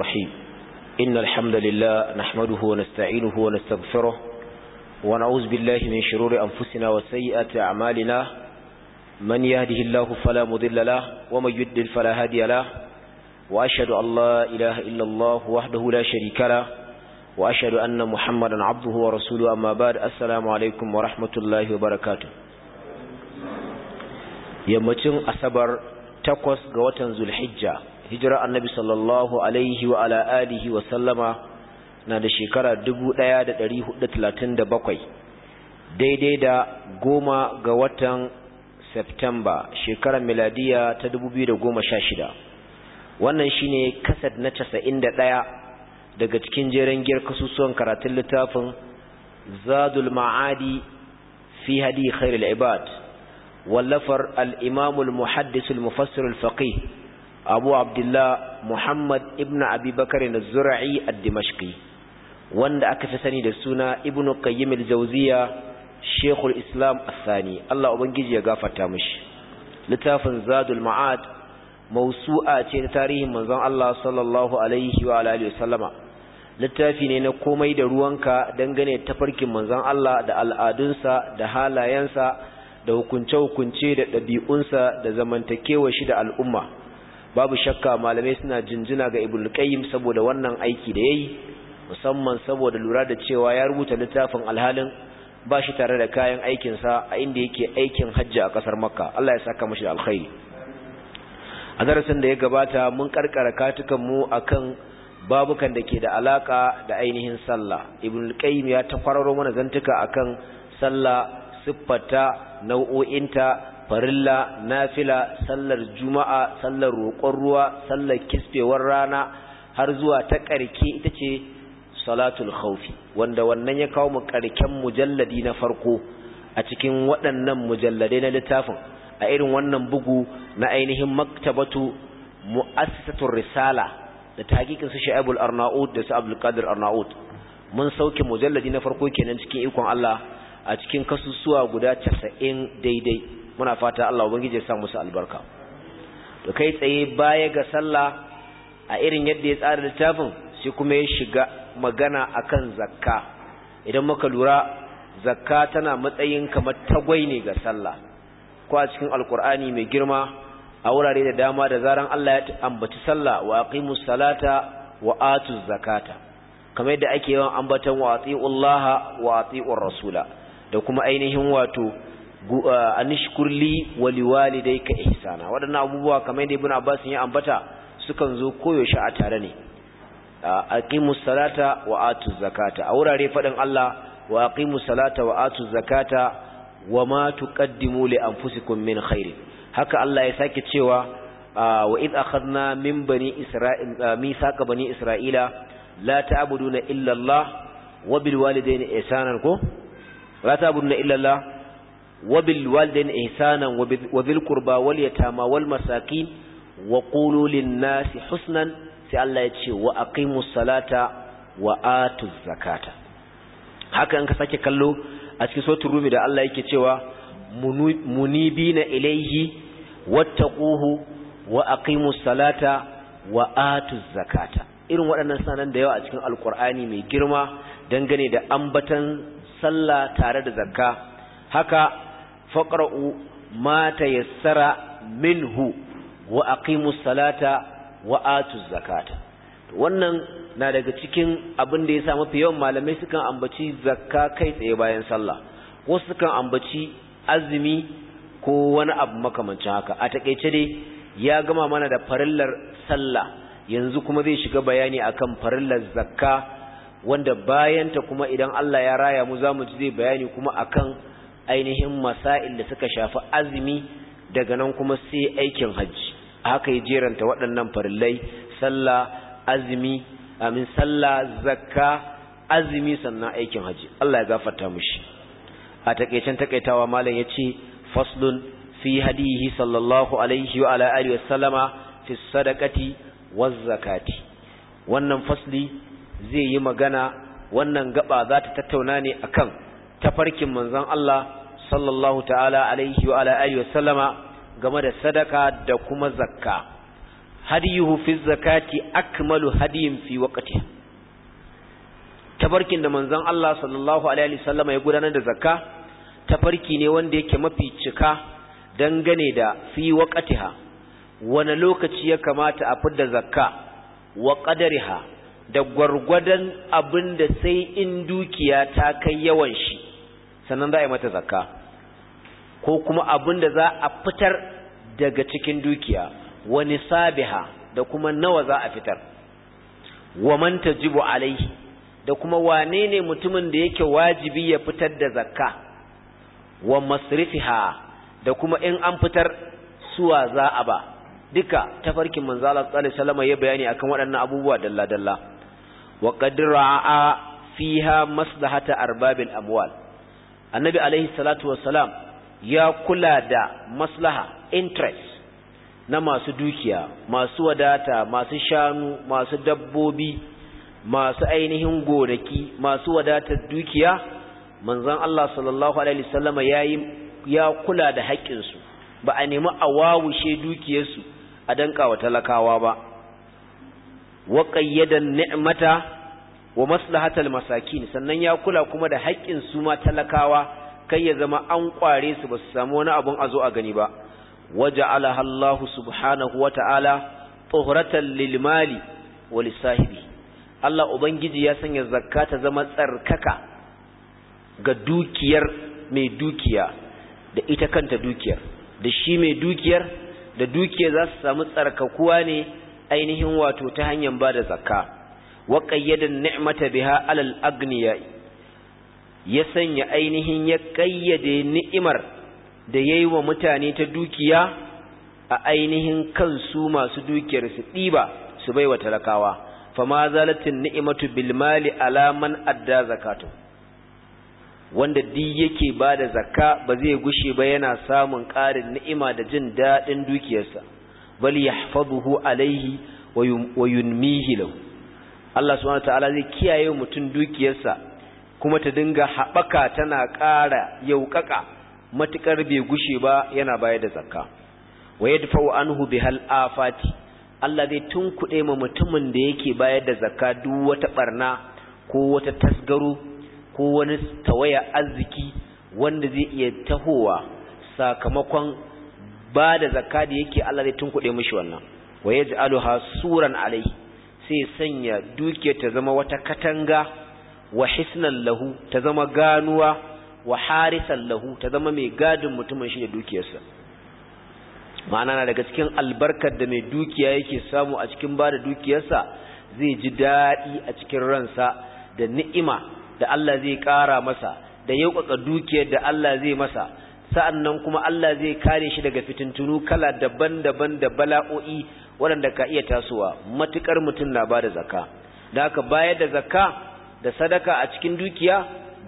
رحيم إن الحمد لله نحمده ونستعينه ونستغفره ونعوذ بالله من شرور أنفسنا وسيئات أعمالنا من يهده الله فلا مضل له ومن يدل فلا هادي له وأشهد أن لا إله إلا الله وحده لا شريك له وأشهد أن محمدا عبده ورسوله أما بعد السلام عليكم ورحمة الله وبركاته يمتن أسبر تقوس قوة ذو الحجة hijira annabi sallallahu alaihi wa ala alihi wa sallama na da shekara 1437 daidai da goma ga watan Septemba shekarar miladiya ta 2016 wannan shine kasad na 91 daga cikin jeren giyar kasusuwan karatun littafin Zadul Ma'adi fi hadi khairul ibad wallafar al imamul muhaddisul muhaddis mufassir faqih abu abdullah muhammad ibn abi na zura'i a dimashqi wanda aka fi sani da suna ibn qayyim al-jawziya shekul islam asani allah ubangiji ya gafarta mishi littafin zadul ma'ad mausu'a ce ta tarihin manzon allah sallallahu alaihi wa alihi wasallama littafi ne na komai da ruwanka dangane da tafarkin manzon allah da al'adunsa da halayensa da hukunce-hukunce da ɗabi'unsa da zamantakewa shi da al'umma babu shakka malamai suna jinjina ga ibn qayyim saboda wannan aiki da yayi musamman saboda lura da cewa ya rubuta littafin alhalin ba shi tare da kayan aikin sa a inda yake aikin hajji a kasar makka Allah ya saka mashi alkhairi a darasin da ya gabata mun karkara katukan mu akan babukan da ke da alaka da ainihin sallah ibn qayyim ya ta kwararo mana zantuka akan sallah siffata nau'o'inta farilla nafila sallar juma'a sallar roƙon ruwa sallar kisbewar rana har zuwa ta ƙarke ita ce salatul khawfi wanda wannan ya kawo mu ƙarken mujalladi na farko a cikin waɗannan mujalladai na littafin a irin wannan bugu na ainihin maktabatu mu'assasatur risala da tahqiqin su Shu'aibul Arnaud da su Abdul Qadir Arnaud mun sauke mujalladi na farko kenan cikin ikon Allah a cikin kasusuwa guda 90 daidai muna fata Allah ubangiji ya sa musu albarka to kai tsaye baya ga sallah a irin yadda ya tsara littafin sai kuma ya shiga magana akan zakka idan muka lura zakka tana matsayin kamar tagwai ne ga sallah ko a cikin alkur'ani mai girma a wurare da dama da zaran Allah ya ambaci sallah wa aqimus salata wa atuz zakata kamar yadda ake yawan ambatan wa atiullaha wa atiur rasula da kuma ainihin wato anishkur li wa liwalidayka ihsana waɗannan abubuwa kamar yadda ibnu abbas ya ambata sukan zo koyaushe a tare ne aqimus salata wa atuz zakata a wurare fadin Allah wa aqimus salata wa atuz zakata wa ma tuqaddimu li anfusikum min khairin haka Allah ya sake cewa wa id akhadna min bani isra'il mithaqa bani isra'ila la illa لا تعبدون إلا الله وبالوالدين إحسانا لا تعبدون illa allah. وبالوالدين والدين إحسانا وبذي القربى واليتامى والمساكين وقولوا للناس حسنا سألا يتشي وأقيموا الصلاة وآتوا الزكاة haka in ka sake kallo a cikin sautin rumi da Allah yake cewa munibina ilaihi wattaquhu wa aqimus salata wa zakata irin waɗannan sanan da yawa a cikin alqur'ani mai girma dangane da ambatan sallah tare da zakka haka faqra'u ma tayassara minhu wa aqimus salata wa atuz zakata wannan na daga cikin abin da ya sa mafi yawan malamai sukan ambaci zakka kai tsaye bayan sallah ko sukan ambaci azumi ko wani abu makamancin haka a takeice dai ya gama mana da farillar sallah yanzu kuma zai shiga bayani akan farillar zakka wanda bayanta kuma idan Allah ya raya mu zamu ji zai bayani kuma akan ainihin masail da suka shafi azumi daga nan kuma sai aikin hajji haka ya jeranta waɗannan farillai sallah azumi amin sallah zakka azumi sannan aikin hajji Allah ya gafarta mushi a takeicen takaitawa malam yace faslun fi hadihi sallallahu alaihi wa ala alihi wasallama fi sadaqati waz zakati wannan fasli zai yi magana wannan gaba za ta tattauna ne akan tafarkin manzon Allah sallallahu ta'ala alaihi wa ala alihi wa sallama game da sadaka da kuma zakka hadiyuhu fi zakati akmalu hadiyin fi waqti tabarkin da manzon Allah sallallahu alaihi wa sallama ya gudanar da zakka tafarki ne wanda yake mafi cika dangane da fi waqtiha wani lokaci ya kamata a fidda zakka wa qadariha da gwargwadon abin da sai in dukiya ta kai yawan shi sannan za a yi mata zakka ko kuma abin da za a fitar daga cikin dukiya wani sabiha da kuma nawa za a fitar wa man tajibu alaihi da kuma wane ne mutumin da yake wajibi ya fitar da zakka wa masrifiha da kuma in an fitar suwa za a ba duka tafarkin manzo Allah sallallahu alaihi ya bayani akan waɗannan abubuwa dalla dalla wa qadra'a fiha maslahata arbabil amwal annabi alaihi salatu wassalam ya kula da maslaha interest na masu dukiya masu wadata masu shanu masu dabbobi masu ainihin gonaki masu wadatar dukiya manzon Allah sallallahu alaihi wasallama yayi ya kula da haƙƙinsu ba a nemi a wawushe dukiyarsu a danka wa talakawa ba wa qayyadan ni'mata wa maslahatal masakin sannan ya kula kuma da haƙƙin su ma talakawa kai ya zama an kware su ba su samu wani abun azo a gani ba waja'alaha Allahu subhanahu wata'ala tuhratan lil mali wa sahibi. Allah ubangiji ya sanya zakka ta zama tsarkaka ga dukiyar mai dukiya da ita kanta dukiyar da shi mai dukiyar da dukiya za su samu tsarkakuwa ne ainihin wato ta hanyar ba da zakka wa qayyadan ni'mata biha alal agniya ya sanya ainihin ya ƙayyade ni'imar da ya yi wa mutane ta dukiya a ainihin kansu masu dukiyar su ɗiba su baiwa talakawa fama zalatin ni'imatu bilmali alaman adda zakatu wanda duk yake ba da zakka ba zai gushe ba yana samun ƙarin ni'ima da jin daɗin dukiyarsa bal yahfazuhu alaihi wa yunmihi lahu Allah subhanahu wa ta'ala zai kiyaye mutum dukiyarsa kuma ta dinga haɓaka tana ƙara yauƙaƙa matuƙar bai gushe ba yana bayar da zakka wa wa anhu hal afati Allah zai tunkuɗe ma mutumin da yake bayar da zakka duk wata barna ko wata tasgaro ko wani tawaya arziki wanda zai iya tahowa sakamakon ba da zakka da yake Allah zai tunkuɗe mishi wannan wa yaj'aluha suran alai sai sanya dukiyar ta zama wata katanga wa hisnan lahu ta zama ganuwa wa harisan lahu ta zama mai gadin mutumin shi da dukiyarsa ma'ana na daga cikin albarkar da mai dukiya yake samu a cikin ba da dukiyarsa zai ji daɗi a cikin ransa da ni'ima da Allah zai ƙara masa da yauƙaƙa dukiyar da Allah zai masa Sa'an nan kuma Allah zai kare shi daga fitintunu kala daban-daban da bala'o'i waɗanda ka iya tasowa matuƙar mutum na ba da zaka da aka bayar da zaka da sadaka a cikin dukiya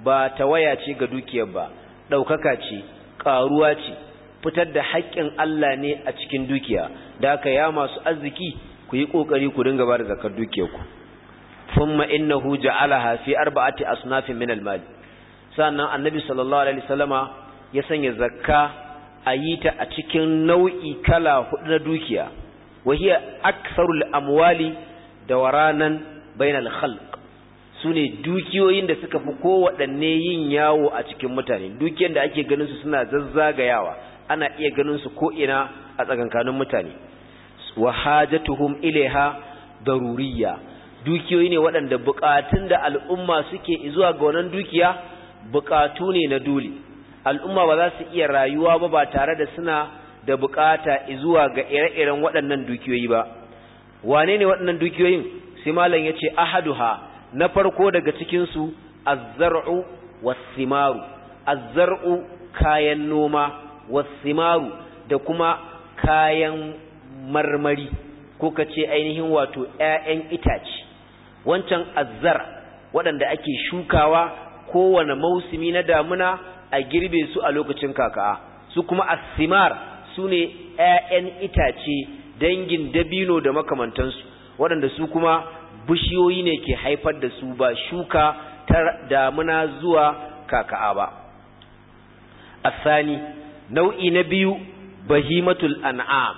ba ta waya ce ga dukiyar ba ɗaukaka ce ƙaruwa ce fitar da haƙƙin Allah ne a cikin dukiya da aka ya masu arziki ku yi ƙoƙari ku dinga ba da zakar dukiyarku thumma innahu ja'alaha fi arba'ati asnafin min al-mal sannan annabi sallallahu alaihi wasallama ya sanya zakka a yi ta a cikin nau'i kala hudu na dukiya wahiya aktharul amwali da waranan bainal khalq su ne dukiyoyin da suka fi kowaɗanne yin yawo a cikin mutane dukiyar da ake ganin su suna zazzagayawa ana iya ganin su ko a tsakankanin mutane wa hajatuhum ilaiha daruriyya dukiyoyi ne waɗanda buƙatun da al'umma suke zuwa ga wannan dukiya buƙatu ne na dole al'umma ba za su iya rayuwa ba ba tare da suna da buƙata zuwa ga ire-iren waɗannan dukiyoyi ba wane ne waɗannan dukiyoyin sai malam ya ce ahaduha na farko daga cikinsu azzar'u wassimaru azzar'u kayan noma wassimaru da kuma kayan marmari ko ka ainihin wato 'ya'yan itace wancan azzar waɗanda ake shukawa kowane mausumi na damuna a girbe su a lokacin kaka'a, su kuma assimar su ne 'ya'yan itace dangin dabino da makamantansu waɗanda su kuma bishiyoyi ne ke haifar da su ba shuka ta damuna zuwa kaka'a ba asani nau'i na biyu bahimatul an'am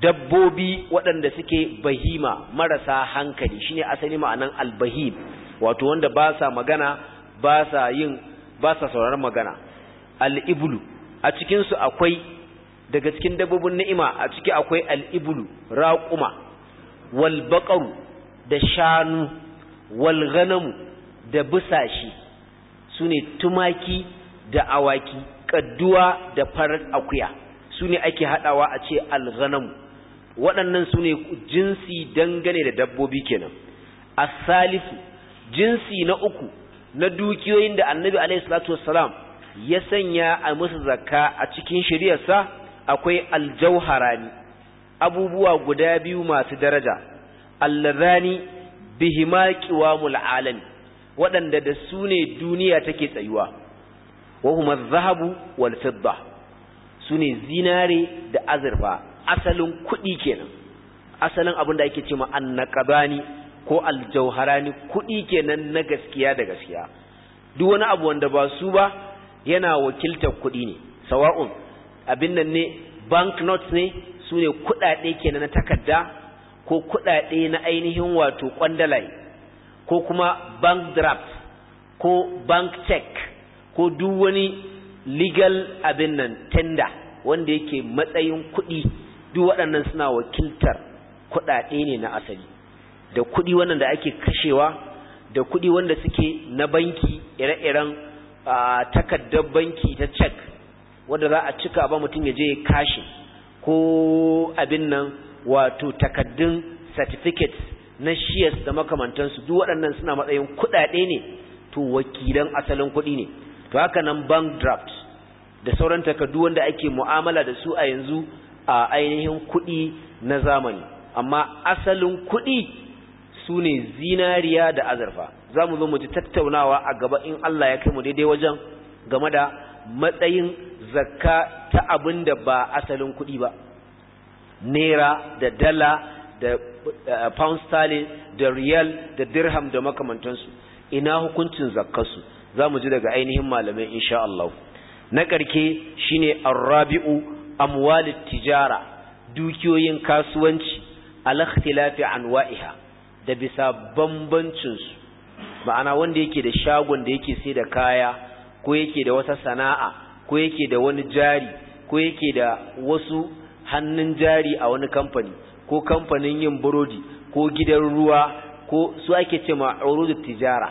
dabbobi waɗanda suke bahima marasa hankali shine asali ma'anan albahim wato wanda ba sa magana ba sa yin ba sa sauraron magana al'ibulu a cikinsu akwai daga cikin dabbobin ni'ima a ciki akwai al'ibulu raƙuma wal baƙaru da shanu wal da busashi su ne tumaki da awaki kadduwa da farar akuya su ne ake hadawa a ce al ganamu waɗannan ne jinsi dangane da dabbobi kenan a salisu jinsi na uku na dukiyoyin da annabi alaihi salatu wassalam ya sanya a musu zakka a cikin shari'arsa akwai aljauharani abubuwa guda biyu masu daraja allazani bihima qiwamul alam waɗanda da su ne duniya take tsayuwa wa huma zahabu wal fidda su ne zinare da azurfa asalin kuɗi kenan asalin abin da ake cewa annaqabani ko aljauharani kuɗi kenan na gaskiya da gaskiya duk wani abu wanda ba su ba yana wakiltar kuɗi ne sawa'un abin nan ne bank notes ne su ne kuɗaɗe kenan na takarda ko kuɗaɗe na ainihin wato kwandalaye ko kuma bank draft ko bank check ko duk wani legal abin nan tender wanda yake matsayin kuɗi duk waɗannan suna wakiltar kuɗaɗe ne na asali da kuɗi wannan da ake kashewa da kuɗi wanda suke na banki ire-iren takardar banki ta check wanda za a cika ba mutum ya je ya kashe ko abin nan wato takaddun certificates na shares da makamantansu duk waɗannan suna matsayin kuɗaɗe ne to wakilan asalin kuɗi ne to haka nan bank draft da sauran takardu wanda ake mu'amala da su a yanzu a ainihin kuɗi na zamani amma asalin kuɗi su ne zinariya da azurfa za mu zo mu ji tattaunawa a gaba in Allah ya kai mu daidai wajen game da matsayin zakka ta abin da ba asalin kuɗi ba naira da dala da uh, pound sterling da riyal da dirham da makamantansu ina hukuncin zakkarsu za mu ji daga ainihin malamai insha Allah na ƙarke shine arrabi'u amwalit tijara dukiyoyin kasuwanci al-ikhtilafi anwa'iha da bisa bambancin su ma'ana wanda yake da shagon da yake sai da kaya ko yake da wata sana'a ko yake da wani jari ko yake da wasu hannun jari a wani kamfani ko kamfanin yin burodi ko gidan ruwa ko su ake ce ma urudu tijara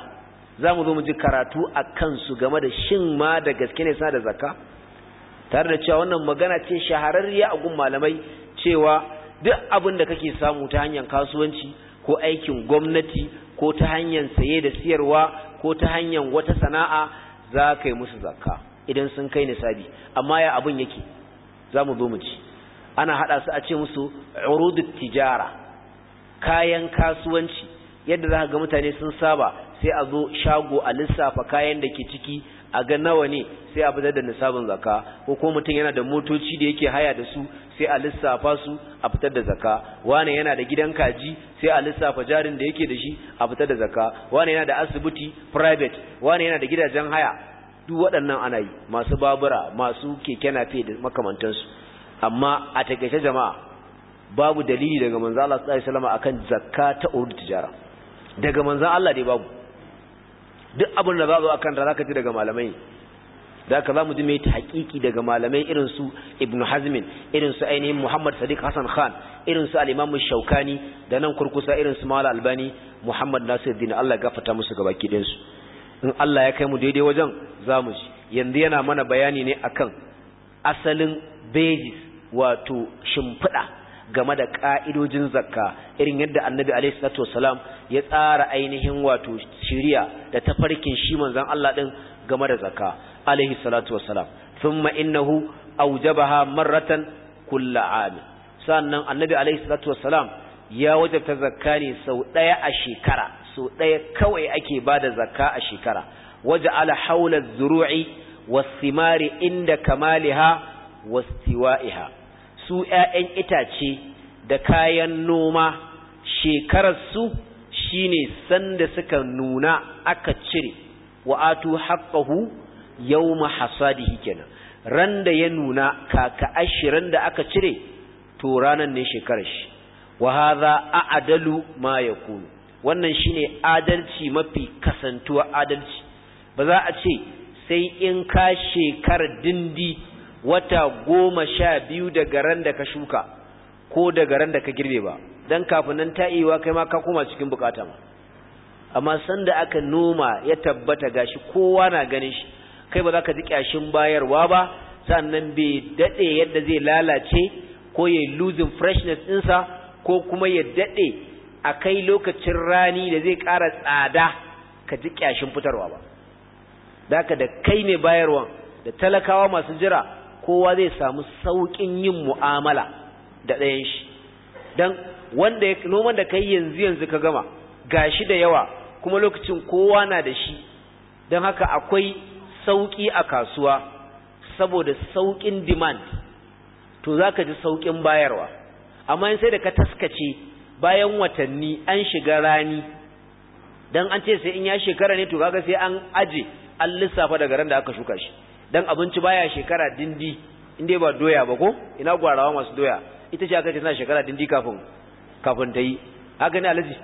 za mu zo mu ji karatu a kansu game da shin ma da gaske ne suna da zaka tare da cewa wannan magana ce shahararriya a gun malamai cewa duk abin da kake samu ta hanyar kasuwanci ko aikin gwamnati ko ta hanyar saye da siyarwa ko ta hanyar wata sana'a za ka yi musu zaka idan sun kai nisabi amma ya abin yake za mu zo mu ci ana hada su a ce musu urudu tijara kayan kasuwanci yadda za ga mutane sun saba sai a zo shago a lissafa kayan da ke ciki a ga nawa ne sai a fitar da nisabin zaka ko ko mutum yana da motoci da yake haya da su sai a lissafa su a fitar da zaka wani yana da gidan kaji sai a lissafa jarin da yake da shi a fitar da zaka wani yana da asibiti private wani yana da gidajen haya duk waɗannan ana yi masu babura masu keke nafe da makamantansu amma a takaice jama'a babu dalili daga manzo Allah sallallahu alaihi wasallam akan zakka ta urdu tijara daga manzo Allah dai babu duk abin da babu akan da zaka ji daga malamai da ka zamu ji mai hakiki daga malamai irin su Ibn Hazm irin su ainihin Muhammad Sadiq Hassan Khan irin su al-Imam Shaukani da nan kurkusa irin su Mala Albani Muhammad Nasiruddin Allah ya gafarta musu gabaki ɗayan su in Allah ya kai mu daidai wajen zamu ji yanzu yana mana bayani ne akan asalin basis wato shimfiɗa game da ƙa'idojin zakka irin yadda annabi alaihi salatu wasalam ya tsara ainihin wato shiriya da tafarkin shi manzan Allah din game da zakka alaihi salatu wasalam thumma innahu awjabaha marratan kullu am sannan annabi alaihi salatu wasalam ya wajabta zakka ne sau ɗaya a shekara sau ɗaya kawai ake bada zakka a shekara waje hawla az-zuru'i was-thimari inda kamaliha wastiwa'iha su ‘ya'yan itace da kayan noma shekararsu shi ne sanda suka nuna aka cire wa'atu haƙahu yau mahasadihi kenan ran da ya nuna kaka ashirin da aka cire to ranar ne shekarar shi wa haza a'adalu ma ya kunu wannan shine adalci mafi kasantuwa adalci ba za a ce sai in ka shekarar dindi wata goma sha biyu daga ran da ka shuka ko daga ran da ka girbe ba don kafin nan ta kai ma ka koma cikin bukata ma amma sanda aka noma ya tabbata gashi kowa na ganin shi kai ba za ka ji kyashin bayarwa ba sannan bai daɗe yadda zai lalace ko ya losing freshness ɗinsa ko kuma ya daɗe a kai lokacin rani da zai ƙara tsada ka ji kyashin fitarwa ba da da kai ne bayarwa da talakawa masu jira kowa zai samu sauƙin yin mu'amala da ɗayan shi don wanda ya noman da kai yanzu yanzu ka gama gashi da yawa kuma lokacin kowa na da shi don haka akwai sauƙi a kasuwa saboda sauƙin demand to za ka ji sauƙin bayarwa amma sai da ka taskace bayan watanni an shiga rani don an ce sai in ya shekara ne to kaga sai an aje an lissafa daga ran da aka shuka shi dan abinci baya shekara dindi in ba doya ba ko ina gwarawa masu doya ita ce aka ce tana shekara dindi kafin kafin ta yi haka ne alaji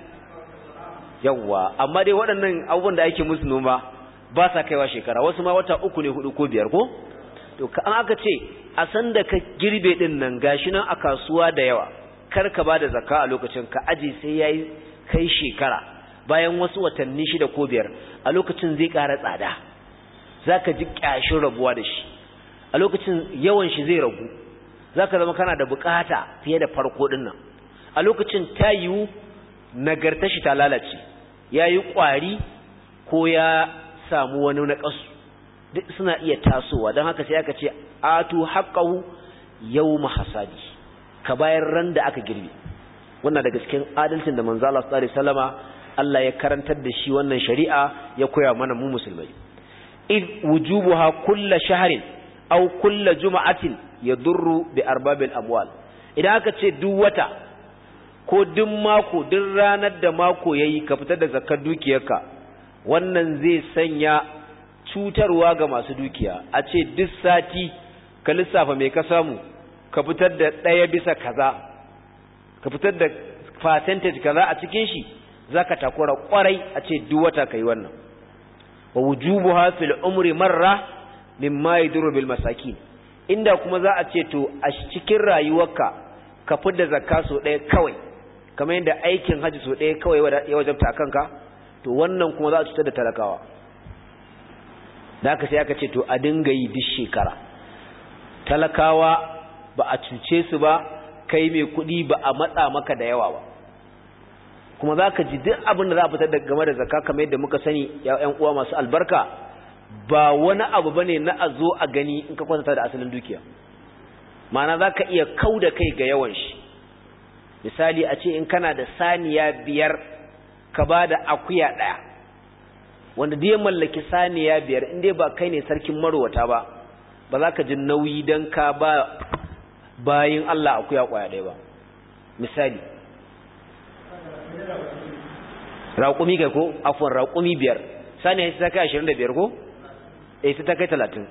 yawwa amma dai waɗannan abubuwan da ake musu noma ba sa kaiwa shekara wasu ma wata uku ne hudu ko biyar ko to an aka ce a san da ka girbe din nan gashi nan a kasuwa da yawa kar ka ba da zakka a lokacin ka aji sai yayi kai shekara bayan wasu watanni shida ko biyar a lokacin zai ƙara tsada Za ka ji ƙyashin rabuwa da shi a lokacin yawan shi zai ragu ka zama kana da bukata fiye da farko ɗin nan a lokacin ta yiwu shi ta lalace Ya yi ƙwari ko ya samu wani nakasu duk suna iya tasowa don haka sai aka ce atu haƙau, yau hasadi ka bayan ran da aka girbe wannan daga cikin adalcin da Manzala Allah sallallahu alaihi Allah ya karantar da shi wannan shari'a ya koya mana mu musulmai id wujubuha kulla shahrin aw kulla juma'atin yadurru bi arbabil amwal idan aka ce duk ko duk mako duk ranar da mako yayi ka fitar da zakar dukiyarka wannan zai sanya cutarwa ga masu dukiya a ce duk sati ka lissafa mai ka samu ka fitar da ɗaya bisa kaza ka fitar da percentage kaza a cikin shi zaka takura kwarai a ce duk wata kai wannan wujubuha fil umri marra mimma yaduru bil masakin inda kuma za a ce to a cikin rayuwarka ka fidda zakka so ɗaya kawai kamar yadda aikin haji so ɗaya kawai ya wajabta kanka to wannan kuma za a cutar da talakawa da aka sai aka ce to a dinga yi duk shekara talakawa ba a cuce su ba kai mai kuɗi ba a matsa maka da yawa ba kuma za ka ji duk abin da za a fitar da game da zaka kamar yadda muka sani ‘yan uwa masu albarka ba wani abu ba ne na a zo a gani in ka kwanta da asalin dukiya ma'ana za ka iya kau da kai ga yawan shi misali a ce in kana da saniya biyar ka ba da akuya ɗaya wanda dai mallaki saniya biyar in dai ba kai ne sarkin marowata ba ba za ka ji nauyi don ka ba bayin Allah akuya ƙwaya ɗaya ba misali raƙumi kai ko afwan raƙumi biyar sani ya ta kai ashirin da biyar ko ya eh, ta kai talatin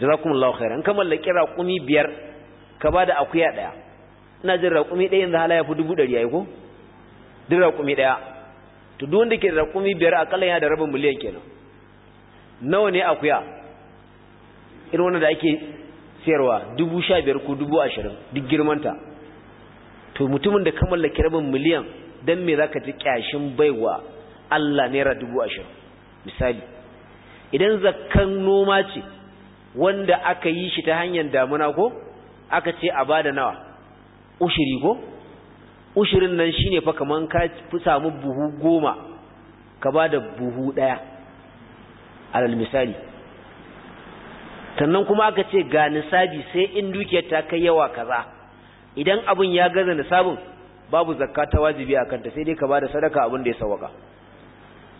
jazakumullahu khairan in ka mallaki raƙumi biyar ka ba da akuya ɗaya ina jin raƙumi ɗaya yanzu hala ya fi dubu ɗari ya yi ko duk raƙumi ɗaya to duk wanda ke da raƙumi biyar akalla yana da rabin miliyan kenan nawa ne akuya irin wanda da ake sayarwa dubu sha biyar ko dubu ashirin duk girmanta to mutumin da ka mallaki rabin miliyan dan me zaka ji ƙyashin baiwa Allah naira dubu ashirin misali idan zakkan noma ce wanda aka yi shi ta hanyar damuna ko aka ce a bada nawa ushiri ko ushirin nan shine fa kaman ka fi samu buhu goma ka bada buhu ɗaya. alal misali sannan kuma aka ce ga nisabi sai in dukiyar ta kai yawa kaza idan abun ya gaza nisabin babu zakka ta wajibi a kanta sai dai ka bada sadaka abin da ya sawaka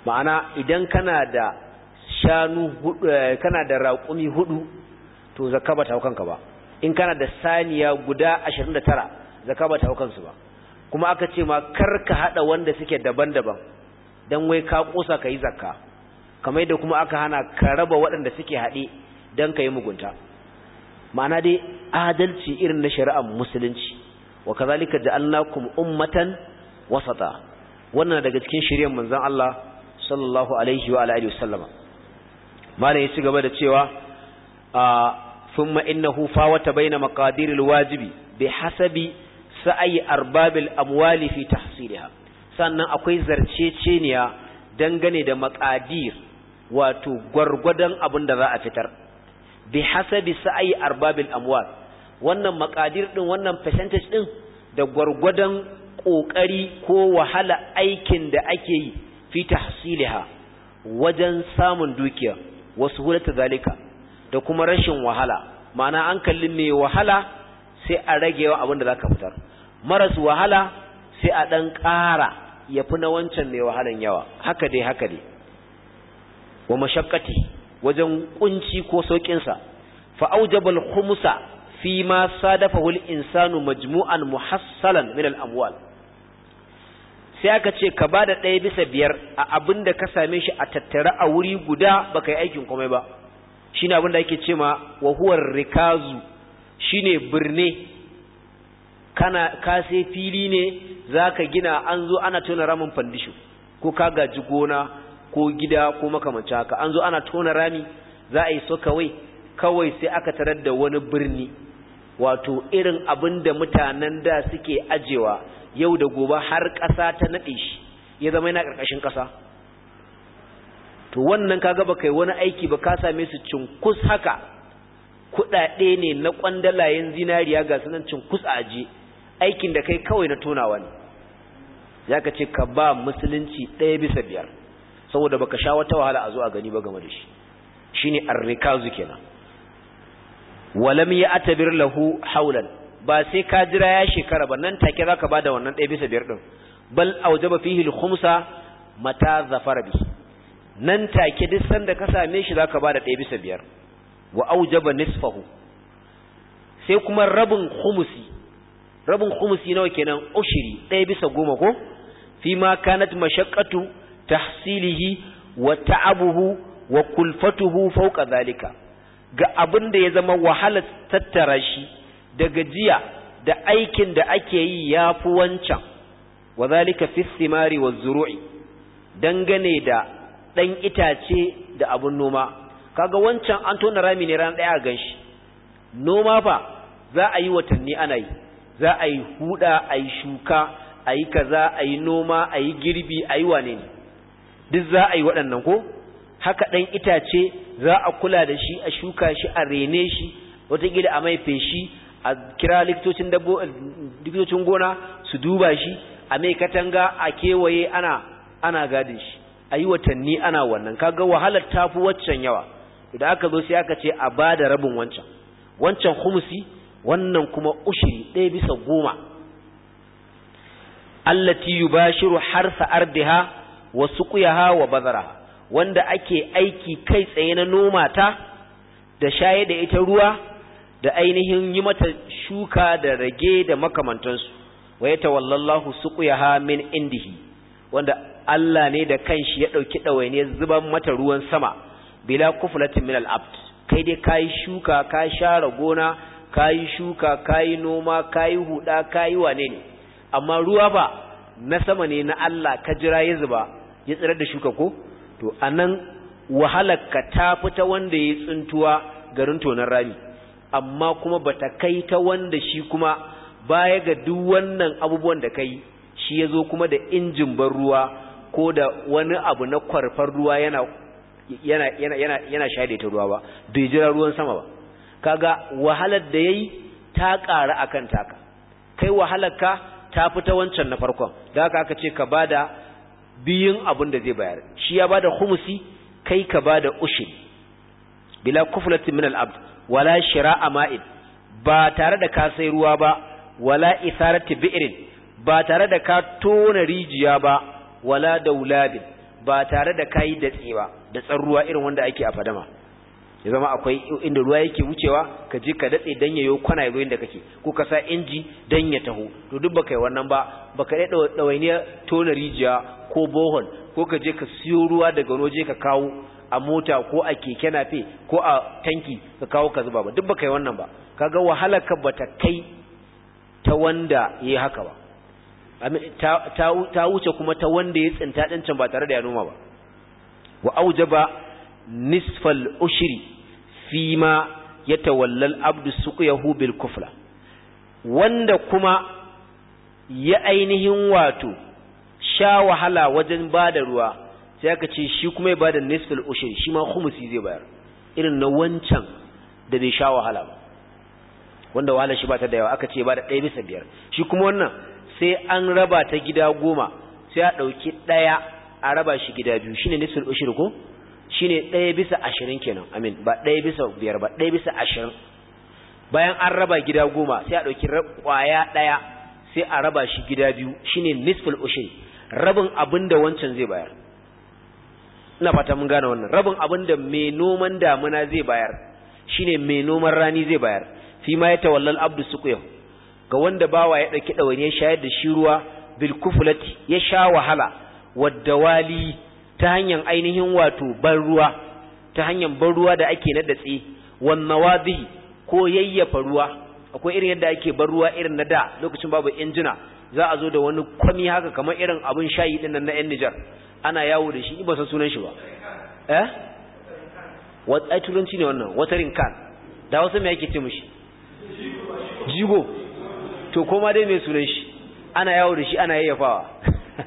ma'ana idan kana da shanu eh, kana da raƙumi hudu to zakka ba ta hau kanka ba in kana da saniya guda 29 zakka ba ta hau kansu ba kuma aka ce ma kar ka hada wanda suke daban-daban dan wai ka kosa ka yi zakka kamar da kuma aka hana ka raba waɗanda suke haɗe dan ka yi mugunta ma'ana dai adalci irin na shari'ar musulunci wa kazalika ja'alnakum ummatan wasata wannan daga cikin shiryen manzon Allah sallallahu alaihi wa alihi wasallama malai ci gaba da cewa a thumma innahu fawata baina maqadiril wajibi bihasabi sa'i arbabil amwali fi tahsilha sannan akwai zarceceniya dangane da maqadir wato gwargwadon abin da za a fitar Bi hasabi sa'i arbabil amwali wannan makadir din wannan percentage din da gwargwadon kokari ko wahala aikin da ake yi fi tahsilha wajen samun dukiya wasu hulata zalika da kuma rashin wahala ma'ana an kalli mai wahala sai a rage yawan abin da zaka fitar maras wahala sai a dan ƙara fi na wancan mai wahalan yawa haka dai haka dai wa mashaqqati wajen kunci ko sauƙinsa sa fa aujabal khumsa fi ma dafa مجموعا insanu majmu'an muhassalan min sai aka ce ka bada ɗaya bisa biyar a abin da ka same shi a tattara a wuri guda baka yi aikin komai ba shine abin da ake ce ma wa huwar rikazu shine birne kana ka sai fili ne zaka gina an zo ana tona ramin fandisho ko ka gaji gona ko gida ko makamanci haka an zo ana tona rami za a yi kawai kawai sai aka tarar da wani birni wato irin abin da mutanen da suke ajewa yau da gobe har ƙasa ta naɗe shi ya zama yana ƙarƙashin ƙasa to wannan kaga ba kai wani aiki ba ka same su cinkus haka kuɗaɗe ne na ƙwandalayen zinariya ga sunan cinkus a aje aikin da kai kawai na tonawa ne za ka ce ka ba musulunci ɗaya bisa biyar saboda baka sha wata wahala a zo a gani ba game da shi shine arrikazu kenan walam ya atabir lahu haulan ba sai ka jira ya shekara ba nan take zaka bada wannan ɗaya bisa biyar ɗin bal aujaba ba al-khumsa mata zafara bi nan take duk sanda ka same shi zaka bada ɗaya bisa biyar wa ba nisfahu sai kuma rabin khumusi rabin khumusi nawa kenan ushiri ɗaya bisa goma ko fi ma kanat mashaqqatu tahsilihi wa ta'abuhu wa kulfatuhu fawqa zalika ga abin da ya zama wahalar tattara shi da gajiya da aikin da ake yi ya fi wancan wa zalika fi simari wa zuru'i dangane da ɗan itace da abin noma kaga wancan an tona rami ne ran ɗaya gan shi noma fa za a yi watanni ana yi za a yi huda a yi shuka a yi kaza a yi noma a yi girbi a yi wane ne duk za a yi waɗannan ko haka ɗan itace za a kula da shi a shuka shi a rene shi watakila a mai feshi a kira likitocin gona su duba shi a mai katanga a kewaye ana ana gadin shi a yi watanni ana wannan kaga wahalar tafi waccan yawa idan aka zo sai aka ce a ba da rabin wancan wancan humusi wannan kuma ushiri ɗaya bisa goma allati yubashiru harsa ardiha wa suqiyaha wa bazaraha wanda ake aiki kai tsaye na noma ta da shaye da ita ruwa da ainihin yi mata shuka da rage da makamantansu wa ya tawallallahu suqiyaha min indihi wanda Allah ne da kanshi ya dauki dawainiyar zuban mata ruwan sama bila kuflatin min al-abd kai dai kai shuka ka share gona kai shuka kai noma kai huda kai wane ne amma ruwa ba na sama ne na Allah ka jira ya zuba ya tsirar da shuka ko to anan wahalarka ta fita wanda ya tsintuwa garin tonan rami amma kuma bata kai ta wanda shi kuma baya ga duk wannan abubuwan da kai shi ya zo kuma da injin ban ruwa ko da wani abu na kwarfar ruwa yana yana yana yana yana shaidaita ruwa ba bai jira ruwan sama ba kaga wahalar da yayi ta ƙara akan taka kai wahalar ka ta fita wancan na farkon da haka aka ce ka bada biyun abin da zai bayar shi ya bada khumusi kai ka bada ushin. bila kuflatin min al-abd wala shira'a ma'id ba tare da ka sai ruwa ba wala isarati bi'rin ba tare da ka tona rijiya ba wala daulabin ba tare da kai datse tsiba da ruwa irin wanda ake a fadama ya zama akwai inda ruwa yake wucewa ka je ka datse dan yayo kwana yayin da kake ko ka sa inji dan ya taho to duk baka yi wannan ba baka da dawainiya tona rijiya ko bohol ko ka je ka siyo ruwa daga waje ka kawo a mota ko a keke nafe ko a tanki ka kawo ka zuba ba duk baka yi wannan ba kaga wahala ka bata kai ta wanda yayi haka ba ta wuce kuma ta wanda ya tsinta din ba tare da ya noma ba wa aujaba nisfal ushiri fima ya tawallal abdu suqyahu bil kufla wanda kuma ya ainihin wato sha wahala wajen bada ruwa sai aka ce shi kuma ya bada nisfal ushiri shi ma zai bayar irin na wancan da bai sha wahala ba wanda wahala shi ba ta da yawa aka ce ba da ɗaya bisa biyar shi kuma wannan sai an raba ta gida goma sai a ɗauki ɗaya a raba shi gida biyu shine nisfal ushiri ko shine ɗaya bisa ashirin kenan amin ba ɗaya bisa biyar ba ɗaya bisa ashirin bayan an raba gida goma sai a ɗauki ƙwaya ɗaya sai a raba shi gida biyu shine nisful ushin rabin abin da wancan zai bayar ina fata mun gane wannan rabin abin da mai noman damuna zai bayar shine mai noman rani zai bayar fi ma ya tawallal abdu yau ga wanda bawa ya ɗauki ya shayar da shi ruwa bil kuflati ya sha wahala wadda wali ta hanyar ainihin wato ban ruwa ta hanyar ban ruwa da ake na datse wan mawadi ko yayyafa ruwa akwai irin yadda ake ban ruwa irin na da lokacin babu injina za a zo da wani kwami haka kamar irin abin shayi din nan na yan Nijar ana yawo da shi ba san sunan shi ba eh wat ai turanci ne wannan watering can da wasu me yake ce mishi jigo to koma dai me sunan shi ana yawo da shi ana yayyafawa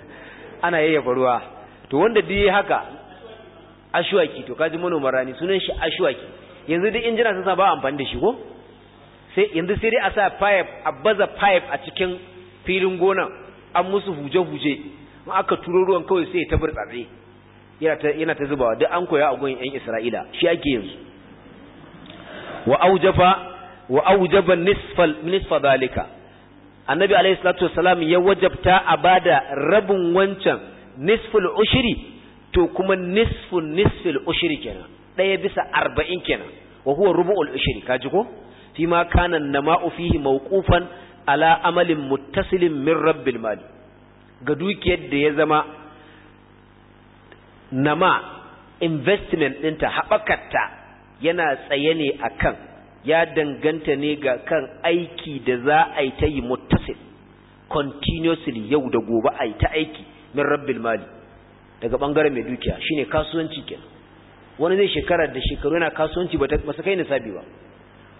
ana yayyafa ruwa to wanda duk yayi haka ashwaki to kaji manoman rani sunan shi ashwaki yanzu duk injina sun sa ba amfani da shi ko sai yanzu sai dai a sa pipe a baza pipe a cikin filin gona an musu huje-huje ma aka turo ruwan kawai sai ta tsare, yana ta yana ta zubawa duk an koya a gun yan Isra'ila shi ake yanzu wa aujafa wa aujaba nisfal nisfa dalika annabi alayhi salatu wassalam ya wajabta a bada rabin wancan nisful ushri to kuma nisful nisful ushri kenan daya bisa 40 kenan wa huwa rubu'ul ushri kaji ko fi ma kana nama'u fihi mawqufan ala amalin muttasilin min rabbil ga dukiyar da ya zama nama investment ɗinta haɓakarta yana tsaye ne a kan ya danganta ne ga kan aiki da za a yi ta yi continuously yau da gobe a yi ta aiki min rabbil mali daga bangaren mai dukiya shine kasuwanci kenan wani zai shekara da shekaru yana kasuwanci ba su kai nisabi ba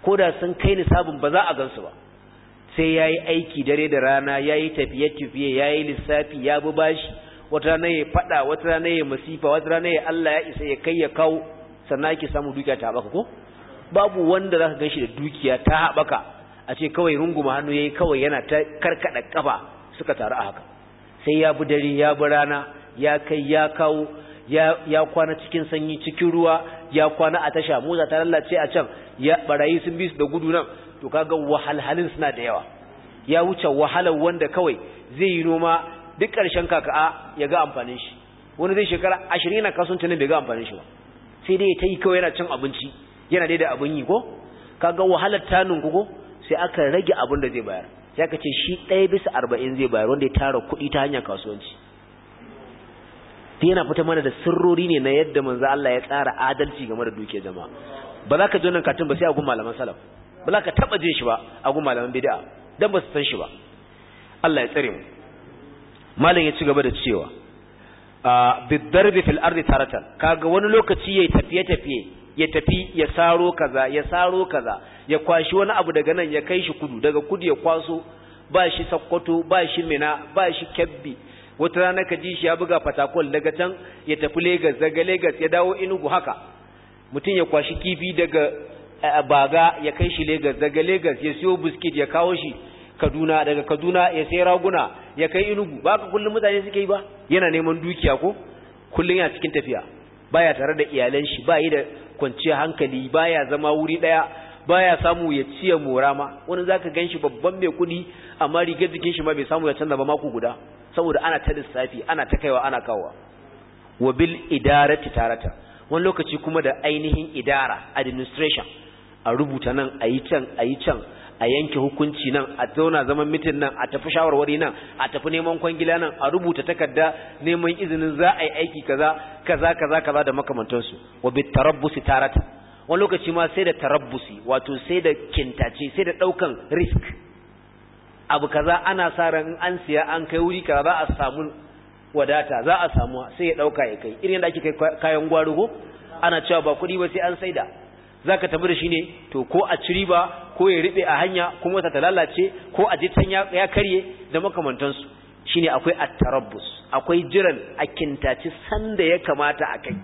ko da sun kai nisabin ba za a gansu ba sai ya yi aiki dare da rana ya yi tafiye-tafiye ya yi lissafi ya bi bashi wata rana ya faɗa wata rana ya masifa wata rana ya Allah ya isa ya kai ya kawo sannan ake samu dukiya ta haɓaka ko babu wanda za ka gan shi da dukiya ta haɓaka a ce kawai runguma hannu ya yi kawai yana ta karkaɗa ƙafa suka taru a haka sai ya bi dare ya bi rana ya kai ya kawo ya kwana cikin sanyi cikin ruwa ya kwana a tasha mota ta lalace a can ya barayi sun bi su da gudu nan to kaga wahalhalin suna da yawa ya wuce wahalar wanda kawai zai yi noma duk ƙarshen kaka'a ya ga amfanin shi wani zai shekara ashirin yana kasance nan bai ga amfanin shi ba sai dai ta yi kawai yana cin abinci yana dai da abin yi ko kaga wahalar ta nunku ko sai aka rage abin da zai bayar sai ka ce shi ɗaya bisa arba'in zai bayar wanda ya tara kuɗi ta hanyar kasuwanci yana fita mana da sirrori ne na yadda manzo Allah ya tsara adalci game da duke jama'a ba za ka ji wannan katin ba sai a gun malaman salaf ba za ka taɓa jin shi ba a gun malaman bid'a dan ba su san shi ba Allah ya tsare mu malam ya ci gaba da cewa ah, biddarbi fil ardi taratan kaga wani lokaci yayi tafiye tafiye ya tafi ya saro kaza ya saro kaza ya kwashi wani abu daga nan ya kai shi kudu daga kudu ya kwaso ba shi sakkwato ba shi mina ba shi kyabbi wata rana ka ji shi ya buga fatakwal daga can ya tafi legas daga legas ya dawo inugu haka mutum ya kwashi kifi daga baga ya kai shi legas daga legas ya siyo biskit ya kawo shi kaduna daga kaduna ya sai raguna ya kai inugu ba ka kullum mutane suke yi ba yana neman dukiya ko kullum yana cikin tafiya baya tare da iyalan shi ba yi da kwanciyar hankali baya zama wuri daya baya samu ya ciye mora ma wani zaka ganshi babban mai kudi amma rigar jikin shi ma bai samu ya canza ba mako guda saboda ana ta lissafi ana ta kaiwa ana kawowa. wa bil idarati tarata wani lokaci kuma da ainihin idara administration a rubuta nan a yi can a yi can a yanke hukunci nan a zauna zaman mitin nan a tafi shawarwari nan a tafi neman kwangila nan a rubuta takarda neman izinin za a yi aiki kaza kaza kaza kaza da makamantansu wa bi tarabbusi tarata wani lokaci ma sai da tarabbusi wato sai da kintace sai da daukan risk abu kaza ana sa ran an siya an kai wuri kaza za a samu wadata za a samu sai ya dauka ya kai irin da ake kai kayan gwaro ana cewa ba kuɗi ba sai an saida zaka tafi da shi ne to ko a ciri ba ko ya riɓe a hanya kuma ta lalace ko a je can ya karye da makamantansu shi ne akwai at akwai jiran a kintaci sanda ya kamata a kai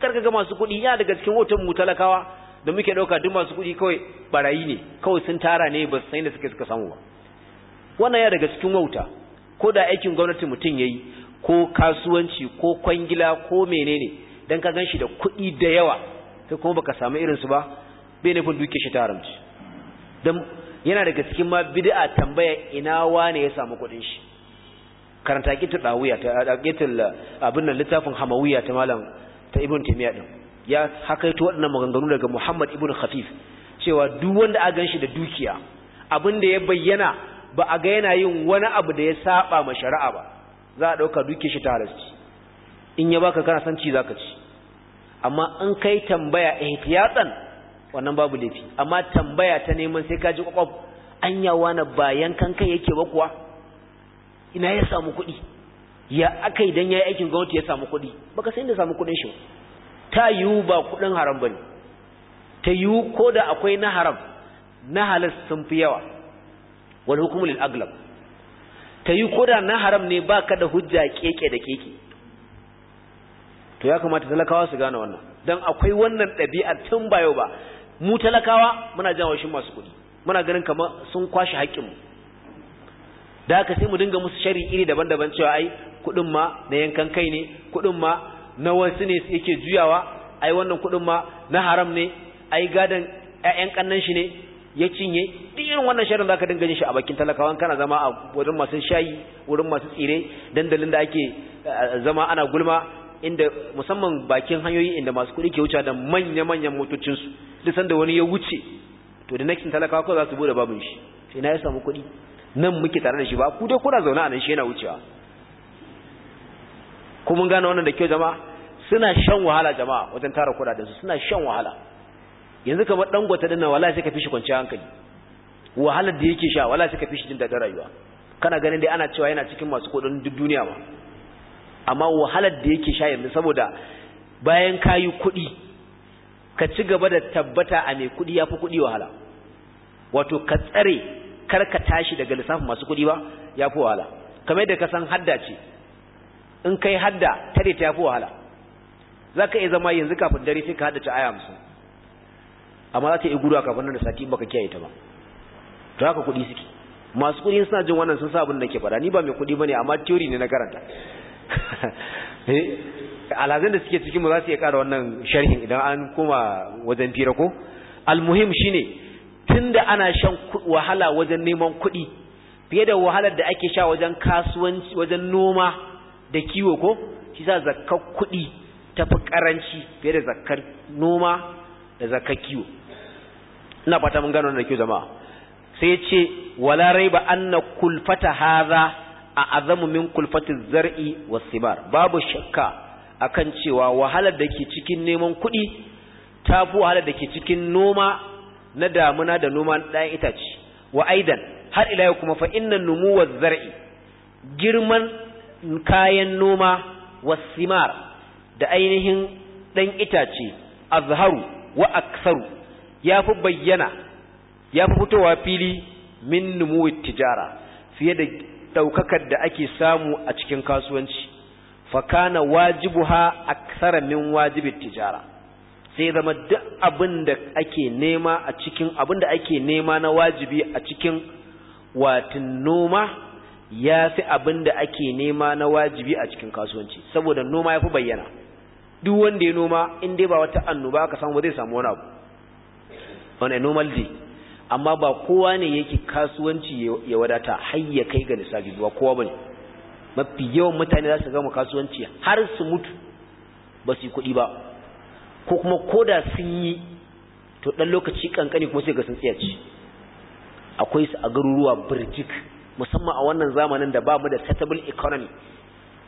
karka ga masu kuɗi ya daga cikin hoton mu talakawa da muke ɗauka duk masu kuɗi kawai barayi ne kawai sun tara ne ba sai san da suke suka samu ba wannan ya daga cikin wauta ko da aikin gwamnati mutum yayi ko kasuwanci ko kwangila ko menene dan ka ganshi da kuɗi da yawa sai kuma baka samu irinsu ba bai nufin duke shi ta haramci don yana daga cikin ma bid'a tambaya ina wane ya samu kuɗin shi karanta kitul dawiya ta kitul abin nan littafin hamawiya ta malam ta ibn timiya din ya hakaito waɗannan maganganu daga muhammad ibn khafif cewa duk wanda a ganshi da dukiya abin da ya bayyana ba a ga yana yin wani abu da ya saba ma shari'a ba za a dauka dukiyar shi ta halarci in ya baka kana san ci zaka ci amma in kai tambaya ihtiyatan wannan babu laifi amma tambaya ta neman sai ka ji kwakwab anya wani bayan kan kai yake ba kuwa ina ya samu kuɗi ya aka idan ya yi aikin gwamnati ya samu kuɗi baka san inda samu kuɗin shi ta yiwu ba kuɗin haram bane ta yiwu ko da akwai na haram na halas sun fi yawa wal hukumu lil aglab ta yi da na haram ne baka da hujja keke da keke to ya kamata talakawa su gane wannan dan akwai wannan ɗabi'a tun ba yau ba mu talakawa muna jan washin masu kuɗi muna ganin kamar sun kwashe haƙƙinmu da haka sai mu dinga musu shari'i iri daban-daban cewa ai kuɗin ma na yankan kai ne kuɗin ma na wasu ne yake juyawa ai wannan kuɗin ma na haram ne ai gadon ƴaƴan kannan shi ne ya cinye duk irin wannan sharin zaka dinga yin shi a bakin talakawan kana zama a wurin masu shayi wurin masu tsire dandalin da ake eh, zama ana gulma inda musamman bakin hanyoyi inda masu kuɗi ke wuce da manya-manyan motocinsu duk sanda wani ya wuce to da nakin talakawa ko za su bude babin shi sai na ya samu kuɗi nan muke tare da shi ba ku dai kuna zaune a nan shi yana wucewa ku mun gane wannan da kyau jama'a suna shan wahala jama'a wajen tara kuɗaɗen su suna shan wahala yanzu kamar dangwata din nan wallahi sai ka fishi kwanciya hankali wahalar da yake sha wallahi sai ka fishi jin daɗin rayuwa kana ganin dai ana cewa yana cikin masu kuɗin duk duniya ba amma wahalar da yake sha yanzu saboda bayan kayi kuɗi ka ci gaba da tabbata a mai kuɗi fi kuɗi wahala wato ka tsare kar ka tashi daga lissafin masu kuɗi ba ya fi wahala kamar yadda ka san hadda ce in kai hadda tare ta ya fi wahala za ka iya zama yanzu kafin dare sai ka haddace aya musu amma za ta iya guduwa kafin nan da sati baka kiyaye ta ba to haka kuɗi suke masu kuɗi suna jin wannan sun sa abin da ke faɗa ni ba mai kuɗi bane amma teori ne na karanta Eh, alhazan da suke cikin mu za su iya ƙara wannan sharhin idan an koma wajen fira ko almuhim shine tunda ana shan wahala wajen neman kuɗi fiye da wahalar da ake sha wajen kasuwanci wajen noma da kiwo ko shi sa zakkar kuɗi ta fi ƙaranci fiye da zakkar noma da zakkar kiwo ina fata mun gano da kyau jama'a sai ya ce wala raiba anna kulfata haza a azamu min kulfati zar'i was sibar babu shakka akan cewa wahalar da ke cikin neman kuɗi ta fi wahalar da ke cikin noma na damuna da noma ɗayan itace wa aidan har ila kuma fa inna numuwaz zar'i girman kayan noma was simar da ainihin ɗan itace azharu wa aksaru ya fi bayyana ya fi fitowa fili min numuwar tijara fiye da ɗaukakar da ake samu a cikin kasuwanci fakana wajibuha aksara min wajibin tijara sai zama duk abin da ake nema a cikin abin da ake nema na wajibi a cikin watin noma ya fi abin da ake nema na wajibi a cikin kasuwanci saboda noma ya fi bayyana duk wanda ya noma in dai ba wata annoba ka samu ba zai samu wani abu wani normal day amma ba kowa ne yake kasuwanci ya wadata hayya kai ga lissafi ba kowa bane mafi yawan mutane za su gama kasuwanci har su mutu ba su yi kuɗi ba ko kuma koda sun yi to ɗan lokaci kankani kuma sai ga sun tsiyaci akwai su a garuruwa birjik musamman a wannan zamanin da ba mu da tattable economy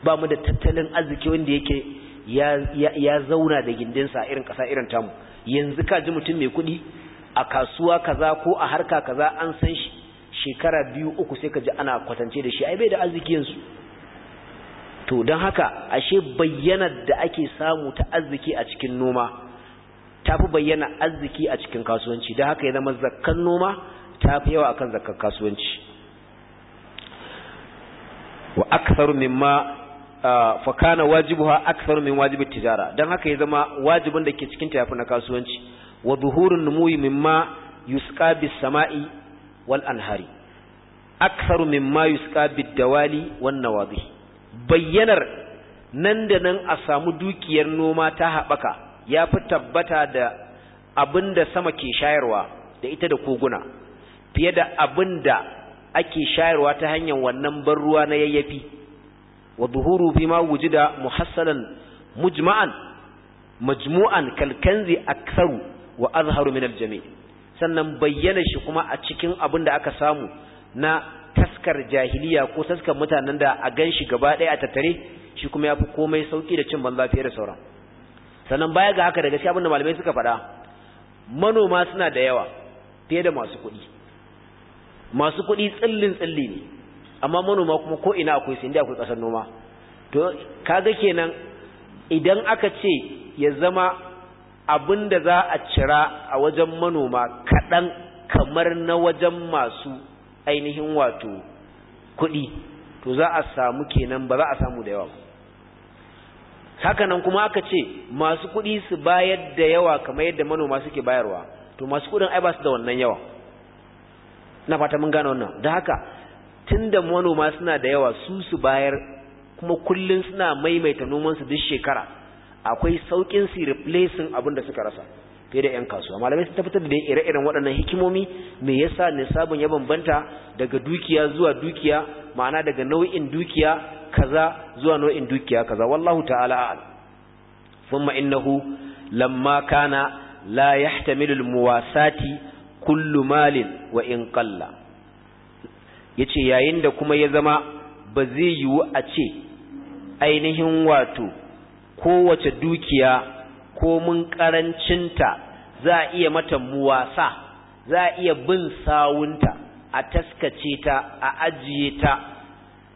ba mu da tattalin arziki wanda yake ya, ya zauna da gindinsa irin ƙasa irin tamu yanzu ka ji mutum mai kuɗi a kasuwa kaza ko a harka kaza an san shi shekara biyu uku sai ka ji ana kwatance da shi ai bai da arziki yanzu to don haka ashe bayyanar da ake samu ta arziki a cikin noma ta fi bayyana arziki a cikin kasuwanci don haka ya zama zakkan noma ta fi yawa akan zakkan kasuwanci wa aktharu mimma fa kana wajibuha aktharu min wajibi tijara dan haka ya zama wajibin da ke cikin tafi na kasuwanci wa zuhurun numuyi mimma yusqa bis sama'i wal anhari aktharu mimma yusqa bid dawali wan nawadhi bayyanar nan da nan a samu dukiyar noma ta haɓaka ya fi tabbata da abin da sama ke shayarwa da ita da koguna fiye da abin da ake shayarwa ta hanyar wannan ban ruwa na yayyafi wa zuhuru fi ma wujida muhassalan mujma'an majmu'an kalkanzi aksaru wa azharu min aljami sannan bayyana shi kuma a cikin abin da aka samu na taskar jahiliya ko taskar mutanen da a ganshi gaba ɗaya a tattare shi kuma yafi komai sauki da cin banza fiye da sauran sannan baya ga haka da gaskiya abin da malamai suka faɗa manoma suna da yawa fiye da masu kuɗi masu kuɗi tsillin tsilli ne amma manoma kuma ko ina akwai sai inda akwai ƙasar noma to kaga kenan idan aka ce ya zama abin da za a cira a wajen manoma kaɗan kamar na wajen masu ainihin wato kuɗi to za a samu kenan ba za a samu da yawa hakanan kuma aka ce masu kuɗi su bayar da yawa kamar yadda manoma suke bayarwa to masu kuɗin ai ba su da wannan yawa na fata mun gane wannan da haka tunda manoma suna da yawa su su bayar kuma kullum suna maimaita nomansu duk shekara akwai saukin su replacing abin da suka rasa fiye da 'yan kasuwa malamai sun tabbatar da ire-iren waɗannan hikimomi me yasa nisabin ya bambanta daga dukiya zuwa dukiya ma'ana daga nau'in dukiya kaza zuwa nau'in dukiya kaza wallahu ta'ala a'lam thumma innahu lamma kana la yahtamilu almuwasati kullu malin wa in qalla yace yayin da kuma ya zama ba zai yiwu a ce ainihin wato kowace dukiya ko mun karancinta za a iya mata muwasa za a iya bin sawunta a taskace ta a ajiye ta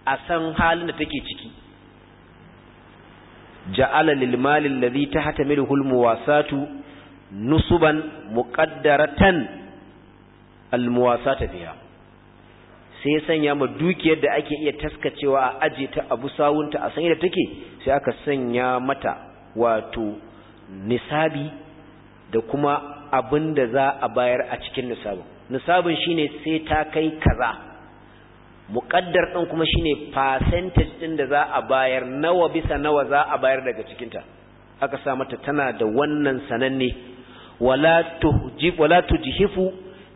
a san halin da take ciki ja'ala lil mali alladhi tahtamiluhu al muwasatu nusuban muqaddaratan al muwasata biha sai sanya ma dukiyar da ake iya taskacewa a ajiye ta abu sawunta a san yadda take sai aka sanya mata wato nisabi da kuma abin da za a bayar a cikin nisabin nisabin shine sai ta kai kaza muƙaddar ɗin kuma shine percentage ɗin da za a bayar nawa bisa nawa za a bayar daga cikinta aka sa mata tana da wannan sananne wala tuji wala tujhifu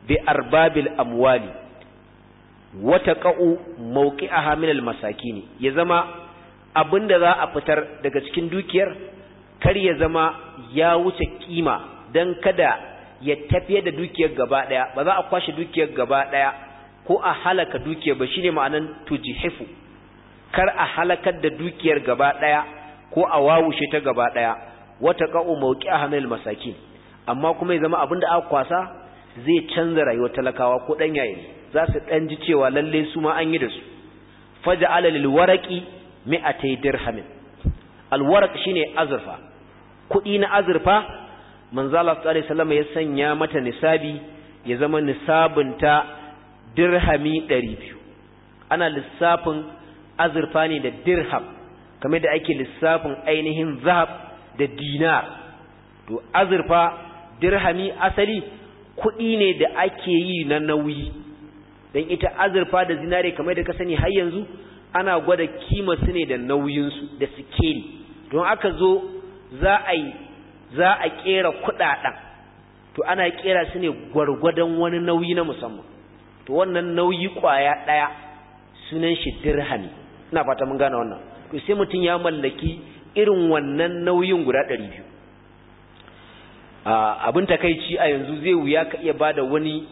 bi arbabil amwali wata qa'u mawqi'aha min al masakin ya zama abin da za a fitar daga cikin dukiyar kar ya zama ya wuce kima don kada ya tafiye da dukiyar gaba daya ba za a kwashe dukiyar gaba daya ko a halaka dukiyar ba shine ma'anan tujihifu kar a halakar da dukiyar gaba daya ko a wawushe ta gaba daya wata qa'u a min masakin amma kuma ya zama da aka kwasa zai canza rayuwa talakawa ko dan za su ɗan ji cewa lalle su ma an yi da su faja lil mi'atai dirhamin alwarq shine azurfa kuɗi na azurfa manzala sallallahu alaihi ya sanya mata nisabi ya zama nisabinta dirhami 200 ana lissafin azurfa ne da dirham kamar da ake lissafin ainihin zahab da dinar to azurfa dirhami asali kuɗi ne da ake yi na nauyi don ita azurfa da zinare kamar da ka sani har yanzu ana gwada kima su ne da nauyinsu da sikeli don aka zo za a yi za a kera kudaden to ana kera su ne gwargwadon wani nauyi na musamman to wannan nauyi kwaya daya sunan shi dirhami ina fata mun gane wannan to sai mutum ya mallaki irin wannan nauyin guda biyu. abin takaici a yanzu zai wuya ka iya bada wani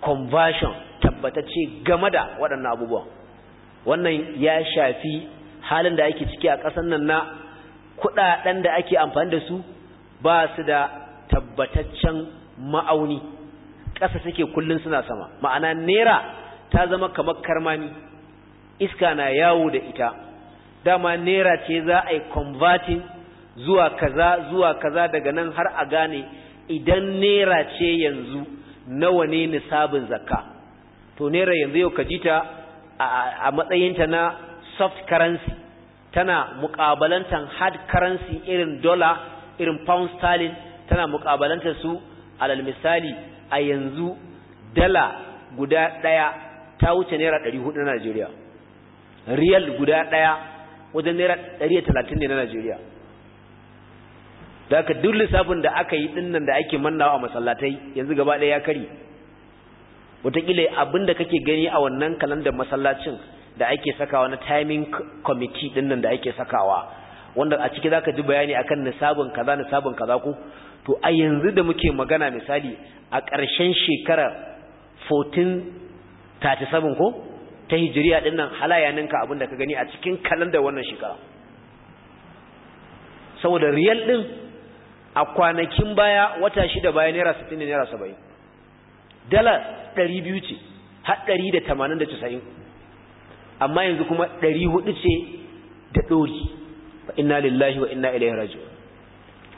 conversion tabbatacce game da waɗannan abubuwan wannan ya shafi halin da ake ciki a ƙasar nan na kuɗaɗen da ake amfani da su ba su da tabbataccen ma'auni ƙasa suke kullum suna sama ma'ana nera ta zama kamar karmani iska na yawo da ita dama nera ce za a yi converting zuwa kaza zuwa kaza daga nan har a gane idan nera ce yanzu nawa ne nisabin zakka to nera yanzu yau ka jita a matsayinta na soft currency tana muƙabalantar hard currency irin dollar irin pound sterling tana mukabalantar su alal misali a yanzu dala guda ɗaya ta wuce naira 400 na Najeriya Real guda ɗaya wajen naira 130 ne na Najeriya da aka duk lissafin da aka yi dinnan da ake mannawa a masallatai yanzu gaba ɗaya ya kari wataƙila abin da kake gani a wannan kalandar masallacin da ake sakawa na timing committee din nan da ake sakawa wanda a ciki zaka ji bayani akan nisabin kaza nisabin kaza ko to a yanzu da muke magana misali a ƙarshen shekarar 1437 ko ta hijiriya din nan halayaninka abin da ka gani a cikin kalandar wannan shekara saboda riyal din a kwanakin baya wata shida baya naira 60 naira 70 dala ɗari biyu ce har da tamanin da amma yanzu kuma ɗari hudu ce da ɗori ba inna lillahi wa inna ilaihi raji'un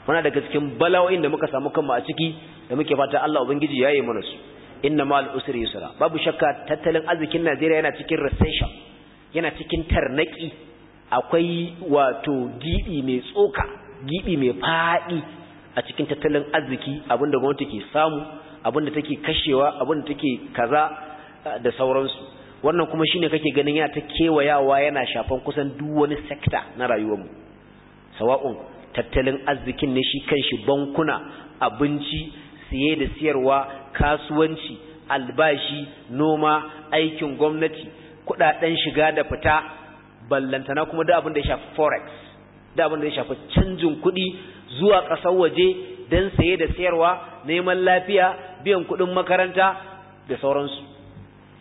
muna daga cikin bala'o'in da muka samu kanmu a ciki da muke fata Allah ubangiji ya yi mana su inna ma al'usri yusra babu shakka tattalin arzikin Najeriya yana cikin recession yana cikin tarnaki akwai wato gidi mai tsoka gidi mai fadi a cikin tattalin arziki abinda gwamnati ke samu abinda take kashewa abinda take kaza eh, da sauransu wannan kuma shine kake ganin ya ta kewayawa yana shafan kusan duk wani sector na rayuwarmu sawa'un tattalin arzikin ne shi kanshi bankuna abinci siye da siyarwa kasuwanci albashi noma aikin gwamnati kudaden shiga da fita ballantana kuma da abin da ya shafa forex da abin da ya shafi canjin kuɗi zuwa ƙasar waje don saye da sayarwa neman lafiya biyan kuɗin makaranta da sauransu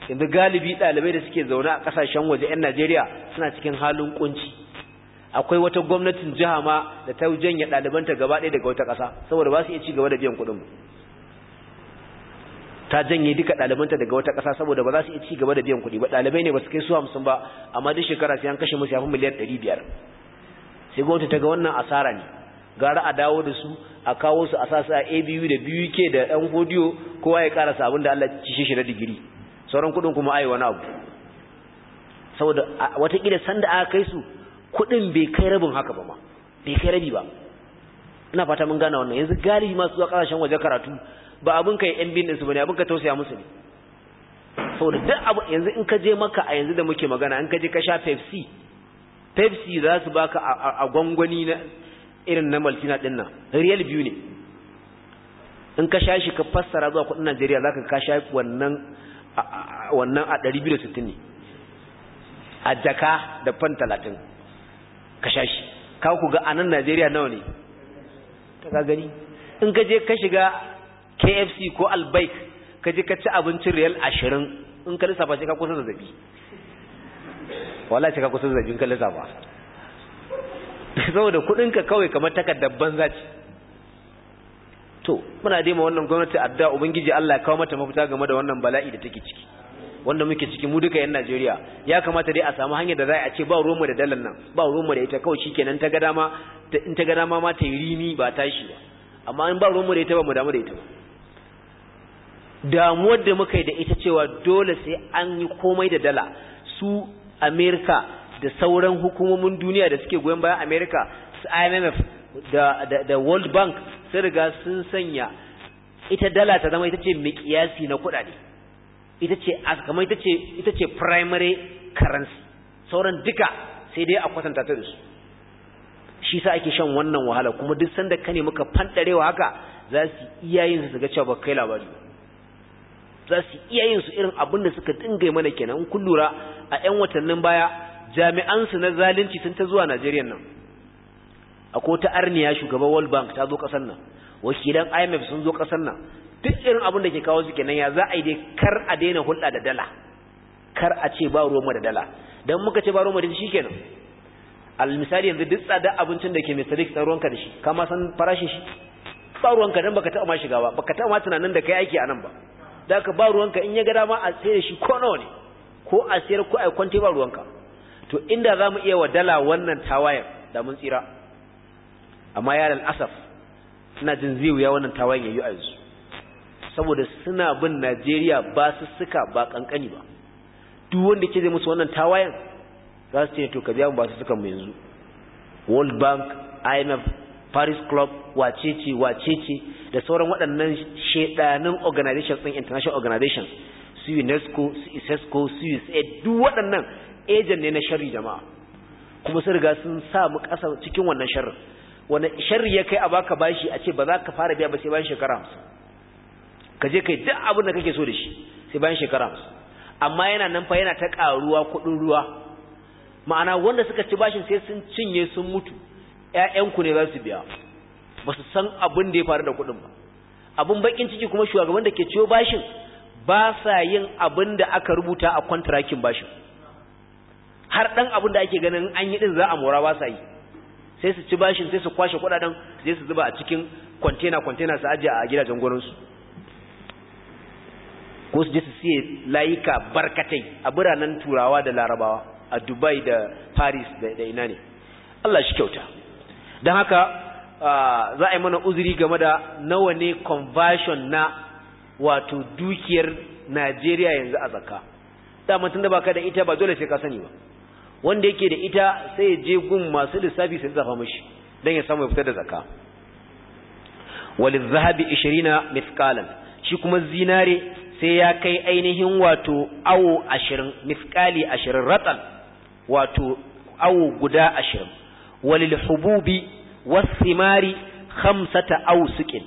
yanzu galibi ɗalibai da suke zaune a kasashen waje 'yan najeriya suna cikin halin kunci akwai wata gwamnatin jiha ma da ta janye ɗalibanta gaba ɗaya daga wata ƙasa saboda ba su iya ci gaba da biyan kuɗin ta janye duka ɗalibanta daga wata ƙasa saboda ba za su iya ci gaba da biyan kuɗi ba ɗalibai ne ba su kai su hamsin ba amma duk shekara sai an kashe musu yafi miliyan ɗari biyar sai gwamnati ta ga wannan asara ne gara a dawo da su a kawo su a sasu a abu da biyu ke da yan godiyo kowa ya karasa abin da allah ci shi na digiri sauran kudin kuma ayi wani abu saboda watakila sanda aka kai su kudin bai kai rabin haka ba ma bai kai rabi ba ina fata mun gana wannan yanzu galibi masu zuwa kasashen waje karatu ba abin kai yan bin ɗinsu ba ne abin ka tausaya musu ne saboda duk abu yanzu in ka je maka a yanzu da muke magana in ka je ka sha pepsi pepsi za su baka a gwangwani na irin na maltina din nan real biyu ne in ka sha shi ka fassara zuwa kudin Najeriya za ka sha wannan wannan a 260 ne a jaka da fan 30 ka sha shi ka ku ga anan Najeriya nawa ne ta ka gani in ka je ka shiga KFC ko Albaik ka je ka ci abincin real 20 in ka lissafa shi ka kusa Wala wallahi ka kusa in ka lissafa saboda kuɗinka kawai kamar takardar banza ce to muna dai ma wannan gwamnati adda ubangiji Allah ya kawo mata mafita game da wannan bala'i da take ciki wanda muke ciki mu duka yan Najeriya ya kamata dai a samu hanyar da za a ce ba ruwanmu da dalar nan ba ruwanmu da ita kawai shikenan ta ga dama in ta ga dama ma ta rimi ba tashi ba amma in ba ruwanmu da ita ba mu damu da ita ba damuwar da muka yi da ita cewa dole sai an yi komai da dala su Amerika da sauran hukumomin duniya da suke goyon bayan Amerika su IMF da, da, World Bank sun riga sun sanya ita dala ta zama ita ce miƙiyasi na kuɗaɗe ita ce kamar ita ce ita ce primary currency sauran duka sai dai a kwatanta ta da su shi sa ake shan wannan wahala kuma duk sanda ka ne muka fandarewa haka za su iya su ga cewa ba kai labari za su iya yin su irin abin da suka dinga mana kenan in kun lura a 'yan watannin baya jami'ansu na zalunci sun ta zuwa Najeriya nan akwai ta arniya shugaban World Bank ta zo kasar nan wakilan IMF sun zo kasar nan duk irin abin da ke kawo su kenan ya za a yi dai kar a daina hulɗa da dala kar a ce ba Roma da dala dan muka ce ba Roma da shi kenan al misali yanzu duk tsada abincin da ke mai sadik tsaronka da shi kama san farashin shi ba ruwanka dan baka taɓa ma shiga ba baka taɓa ma tunanin da kai aiki a nan ba da ka ba ruwanka in ya ga dama a sayar da shi ko nawa ne ko a sayar ko a kwante ba ruwanka to inda za mu iya wa dala wannan tawayen da mun tsira amma ya asaf suna jin zai ya wannan tawayen ya yi a yanzu saboda suna bin najeriya ba su suka ba kankani ba duk wanda ke zai musu wannan tawayen za su ce to ka biya ba su suka mu yanzu world bank imf paris club wacece wacece da sauran waɗannan shedanin organizations ɗin international organizations su unesco su isesco su usaid duk waɗannan ejen ne na shari jama'a kuma sun riga sun sa mu ƙasa cikin wannan shari wani sharri ya kai a baka bashi a ce ba za ka fara biya ba sai bayan shekara hamsin ka je kai duk abin da kake so da shi sai bayan shekara hamsin amma yana nan fa yana ta ƙaruwa kuɗin ruwa ma'ana wanda suka ci bashin sai sun cinye sun mutu ƴaƴanku ne za su biya ba su san abin da ya faru da kuɗin ba abin bakin ciki kuma shugaban da ke ciyo bashin ba sa yin abin da aka rubuta a kwantarakin bashin har dan abin da ake ganin an yi din za a mora ba sa yi sai su ci bashin sai su kwashe kudaden sai su zuba a cikin container container su ajiye a gidajen gurin su ko su je su siye layuka barkatai a biranen turawa da larabawa a dubai da paris da ina ne allah shi kyauta don haka za a yi mana uzuri game da nawa ne conversion na wato dukiyar najeriya yanzu a zakka tun da baka da ita ba dole sai ka sani ba wanda yake da ita sai ya je gun masu lissafi sai zafa mashi dan ya samu ya fitar da zakka walil zahabi 20 mithqalan shi kuma zinare sai ya kai ainihin wato awo 20 mithqali 20 ratan wato awo guda 20 walil hububi wasimari khamsata suƙin,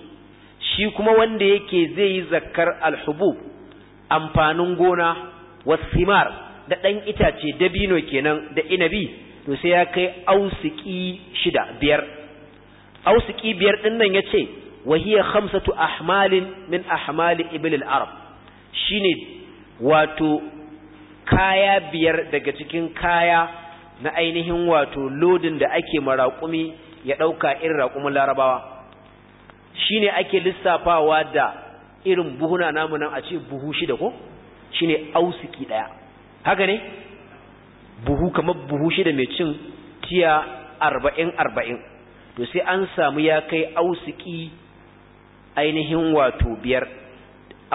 shi kuma wanda yake zai yi zakkar alhubub amfanin gona wasimar da ɗan itace dabino kenan da inabi to sai ya kai ausiki shida biyar ausiki biyar ɗin nan ya ce wahiya hamsatu ahmalin min ahmali ibilil al-arab shine wato kaya biyar daga cikin kaya na ainihin wato lodin da ake maraƙumi ya ɗauka irin raƙumin larabawa shine ake lissafawa da irin buhuna namu nan a ce buhu shida ko shine ausiki ɗaya haka ne buhu kamar buhu shi da mai cin tiya arba'in arba'in to sai an samu ya kai ausiki ainihin wato biyar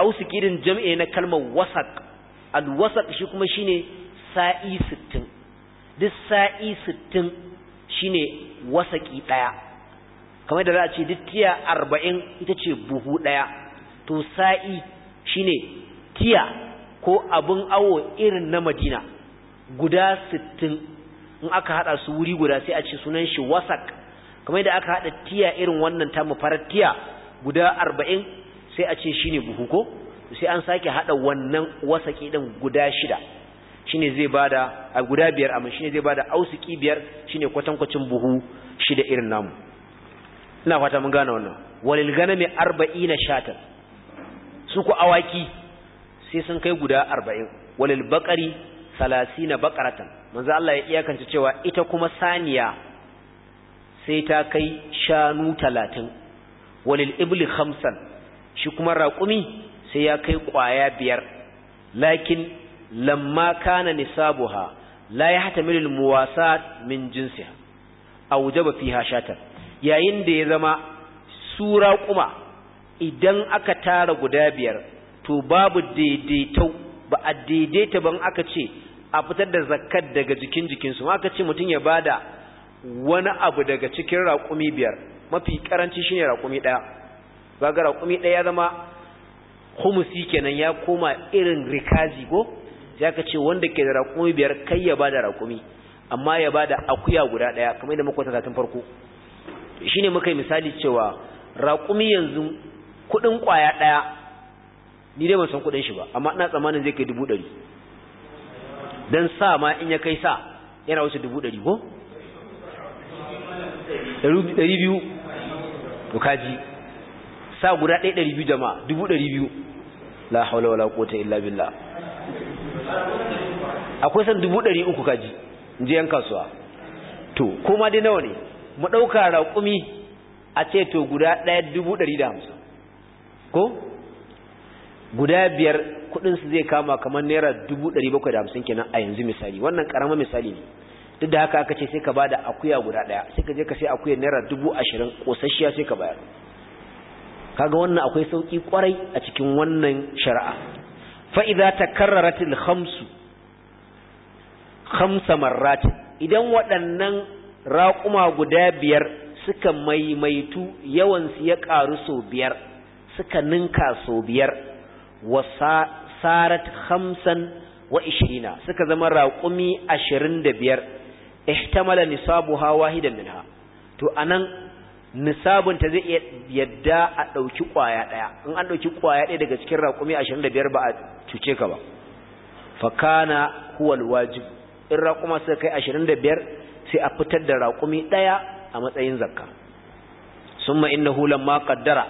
ausiki din jam'i na kalmar wasak alwasak shi kuma shine sa'i sittin duk sa'i sittin shine wasaki ɗaya kamar da za a ce duk tiya arba'in ita ce buhu ɗaya to sa'i shine tiya ko abin awo irin na madina guda sittin in aka haɗa su wuri guda sai a ce sunan shi wasak kamar da aka haɗa tiya irin wannan tamu farar tiya guda arba'in sai a ce shine buhu ko sai an sake haɗa wannan wasaki ɗin guda shida shine zai bada a guda biyar amma shine zai bada ausiki biyar shine kwatankwacin buhu shida irin namu ina fata mun gane wannan walil ganami arba'ina shatan su ku awaki sai sun kai guda arba'in walil salasi salasina bakaratan manzo Allah ya iyakance cewa ita kuma saniya sai ta kai shanu talatin walil ibli hamsan shi kuma raƙumi sai ya kai ƙwaya biyar lakin lamma kana nisabuha la yahtamilu almuwasat min jinsiha awjaba fiha shatar yayin da ya zama sura kuma idan aka tara guda biyar to babu daidaitau ba a daidaita ban aka ce a fitar da zakat daga jikin jikinsu ma aka ce mutum ya bada wani abu daga cikin raƙumi biyar mafi karanci shine raƙumi ɗaya ba ga raƙumi ɗaya ya zama humusi kenan ya koma irin rikazi ko ya ka ce wanda ke da raƙumi biyar kai ya bada raƙumi amma ya bada akuya guda ɗaya kamar yadda muka tattatun farko shine muka yi misali cewa raƙumi yanzu kuɗin ƙwaya ɗaya ni dai ban san kuɗin shi ba amma ina tsammanin zai kai dubu ɗari don sa ma in ya kai sa yana wasu dubu ɗari ko? ɗari biyu to kaji sa guda ɗaya ɗari biyu jama'a dubu ɗari biyu la haula wala quwwata illa billah akwai san dubu ɗari uku kaji in je yan kasuwa to kuma dai nawa ne mu ɗauka raƙumi a ce to guda ɗaya dubu ɗari da hamsin ko guda biyar kudinsu zai kama kamar naira dubu ɗari bakwai da hamsin kenan a yanzu misali wannan ƙaramin misali ne duk da haka aka ce sai ka ba akuya guda ɗaya sai ka je ka sai akuyar naira dubu ashirin sai ka bayar kaga wannan akwai sauki kwarai a cikin wannan shari'a fa'iza ta karraratil hamsu hamsa marratin idan waɗannan raƙuma guda biyar suka maimaitu yawansu ya ƙaru sau biyar suka ninka sau biyar wa sarat khamsan wa ishirina suka zama raƙumi ashirin da biyar nisabu nisabuha wahidan minha to anan nisabinta zai iya yadda a ɗauki ƙwaya ɗaya in an ɗauki ƙwaya ɗaya daga cikin raƙumi ashirin da biyar ba a cuce ka ba fakana huwal wajib in raƙuma suka kai ashirin da biyar sai a fitar da raƙumi ɗaya a matsayin zakka summa ma lamma qaddara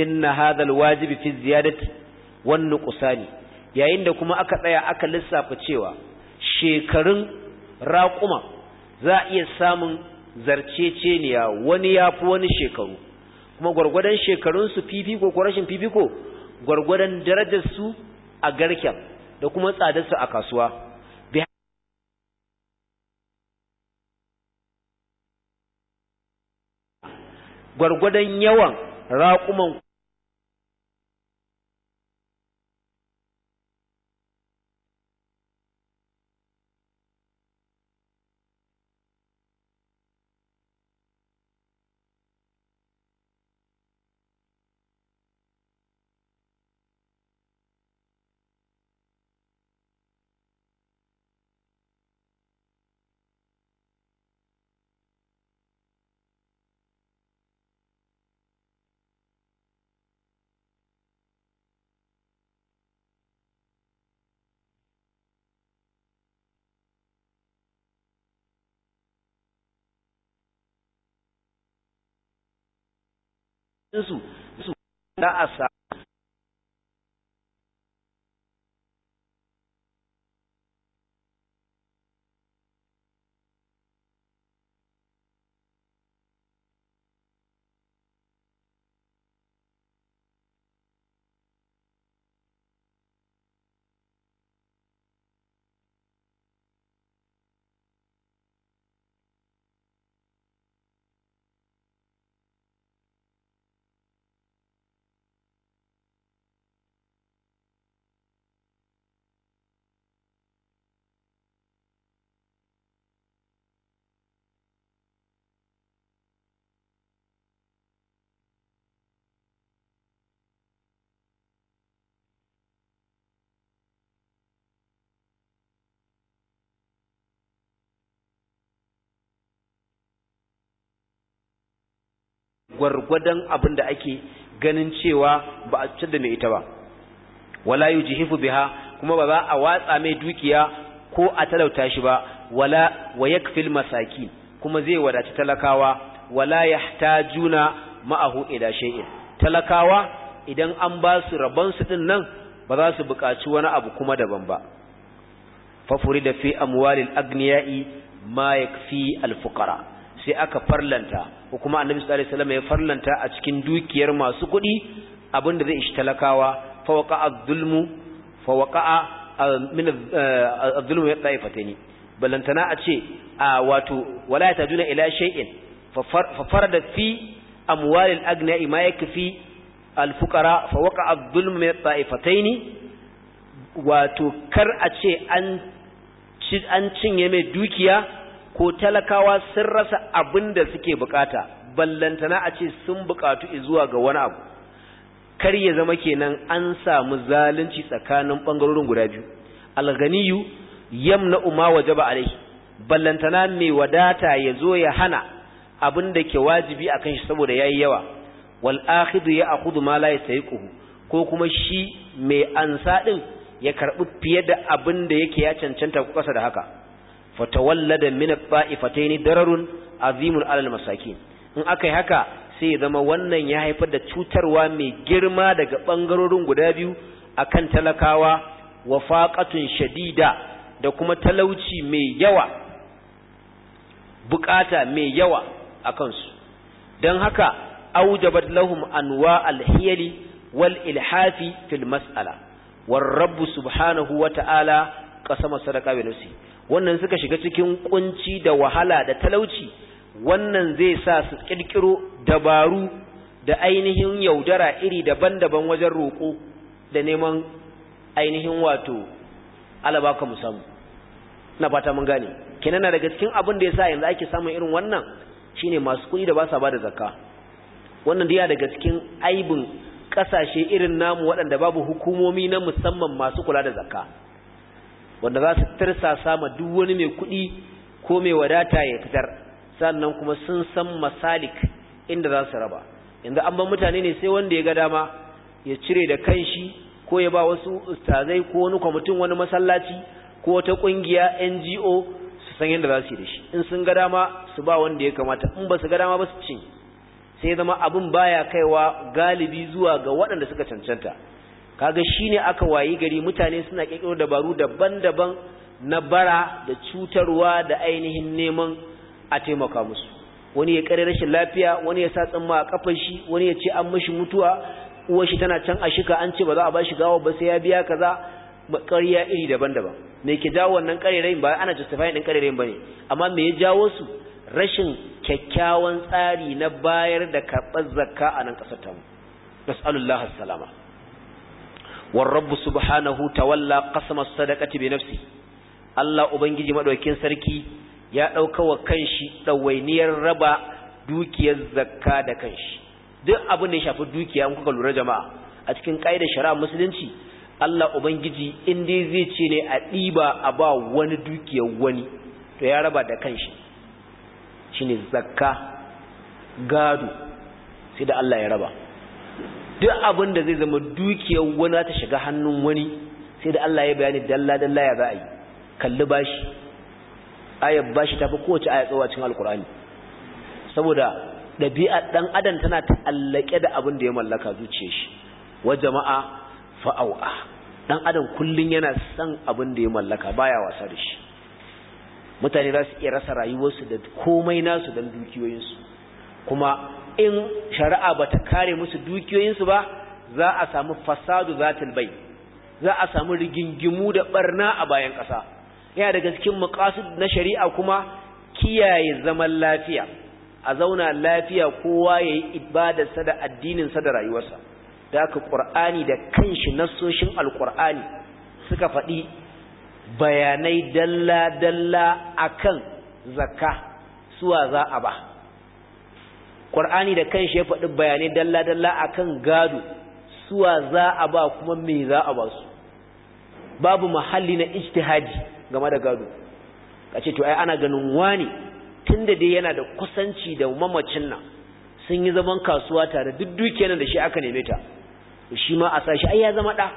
na hadal wajibi fi ziyadati wannan kusani yayin da kuma aka tsaya aka lissafa cewa shekarun raƙuma za a iya samun zarceceniya wani ya fi wani shekaru kuma gwargwadon shekarunsu fifiko ko rashin fifiko gwargwadon darajarsu a garken da kuma tsadarsu a kasuwa gwargwadon yawan raƙuman su su da a sa gwargwadon abin da ake ganin cewa ba a cutar da mai ita ba wala Hifu biha kuma ba za a watsa mai dukiya ko a talauta shi ba wala wa yakfil masaki kuma zai wadaci talakawa wala ya juna ma'ahu ida shi'in talakawa idan an ba su rabon su din nan ba za su buƙaci wani abu kuma daban ba fafuri da fi amwalil agniya'i ma ya fi alfukara. sai aka farlanta kuma annabi sallallahu alaihi wasallam ya farlanta a cikin dukiyar masu kuɗi abinda zai ishi talakawa fa waqa'a adh-dhulmu fa waqa'a min eh, adh-dhulmu ya taifataini balantana a ce a wato wala ya tajuna ila shay'in fa farada fi amwal al-aghniya ma yakfi al-fuqara fa waqa'a adh-dhulmu min taifataini wato kar a ce an cinye mai dukiya ko talakawa sun rasa abin da suke bukata ballantana a ce sun bukatu zuwa ga wani abu kar ya zama kenan an samu zalunci tsakanin bangarorin guda biyu alganiyu yamna umma wajaba alaihi ballantana mai wadata ya zo ya hana abin da ke wajibi akan shi saboda yayi yawa wal akhidhu ya akhudhu ma la yastayiquhu ko kuma shi mai ansa din ya karbi fiye da abin da yake ya cancanta kasa da haka fatawallada min at-ta'ifatayn dararun azimun alal masakin in akai haka sai zama wannan ya haifar da cutarwa mai girma daga bangarorin guda biyu akan talakawa faqatun shadida da kuma talauci mai yawa bukata mai yawa akan su dan haka aujabat lahum anwa al-hiyali wal ilhafi fil mas'ala war rabb subhanahu wa ta'ala qasama sadaqa bi nafsihi wannan suka shiga cikin kunci da wahala da talauci wannan zai sa su kirkiro dabaru da ainihin yaudara iri daban-daban wajen roƙo da neman ainihin wato alabaka musamman na fata mun gane kenan daga cikin abin da yasa yanzu ake samun irin wannan shine masu kuɗi da ba sa bada zakka wannan da daga cikin aibin kasashe irin namu waɗanda babu hukumomi na musamman masu kula da zakka wanda za su tarsa ma duk wani mai kuɗi ko mai wadata ya fitar sannan kuma sun san masalik inda za su raba yanzu an ban mutane ne sai wanda ya ga dama ya cire da kanshi ko ya ba wasu ustazai ko wani kwamitin wani masallaci ko wata kungiya NGO su san yadda za su yi da shi in sun ga dama su ba wanda ya kamata in ba su ga dama ba su cin sai zama abin baya kaiwa galibi zuwa ga waɗanda suka cancanta kaga shine aka wayi gari mutane suna kirkiro dabaru daban-daban na bara da cutarwa da ainihin neman a taimaka musu wani ya kare rashin lafiya wani ya sa tsamma a kafar shi wani ya ce an mishi mutuwa uwar shi tana can a shika an ce ba za a ba shi gawa ba sai ya biya kaza ƙarya iri daban-daban me ke jawo wannan ƙarerayin ba ana justifying din ƙarerayin bane amma me ya jawo su rashin kyakkyawan tsari na bayar da karɓar zakka a nan ƙasar tamu nas'alullahi salama Rabbu subhanahu tawalla qasama sadaqati bi nafsi Allah ubangiji madaukin sarki ya dauka wa kanshi dawainiyar raba dukiyar zakka da kanshi duk abin da ya shafi dukiya an kuka lura jama'a a cikin kaidar shari'a musulunci Allah ubangiji in dai zai ce ne a diba a ba wani dukiyar wani to ya raba da kanshi shine zakka gado sai da Allah ya raba duk abin da zai zama dukiyar wani ta shiga hannun wani sai da Allah ya bayani dalla dalla ya yi. kalli bashi ayar bashi tafi kowace aya tsawo cikin alkur'ani saboda ɗabi'ar ɗan adam tana ta'allake da abin da ya mallaka zuciyar shi wa jama'a fa'au'a ɗan adam kullum yana son abin da ya mallaka baya wasa da shi mutane za su iya rasa rayuwarsu da komai nasu don dukiyoyinsu kuma in shari'a bata kare musu dukiyoyinsu ba za a samu fasadu zatil bai za a samu rigingimu da barna a bayan ƙasa yana daga cikin muqasid na shari'a kuma kiyaye zaman lafiya a zauna lafiya kowa ya yi ibadarsa da addininsa da rayuwarsa da aka ƙur'ani da kanshi nassoshin alƙur'ani suka faɗi bayanai dalla dalla a kan zakka suwa za a ba Qur'ani da kanshi ya faɗi bayanai dalla dalla akan gado suwa za a ba kuma me za a ba su babu mahalli na ijtihadi game da gado kace to ai ana ganin wani tunda dai yana da kusanci da mamacin nan sun yi zaman kasuwa tare duk dukiyar da shi aka neme ta shi ma a sashi ai ya zama da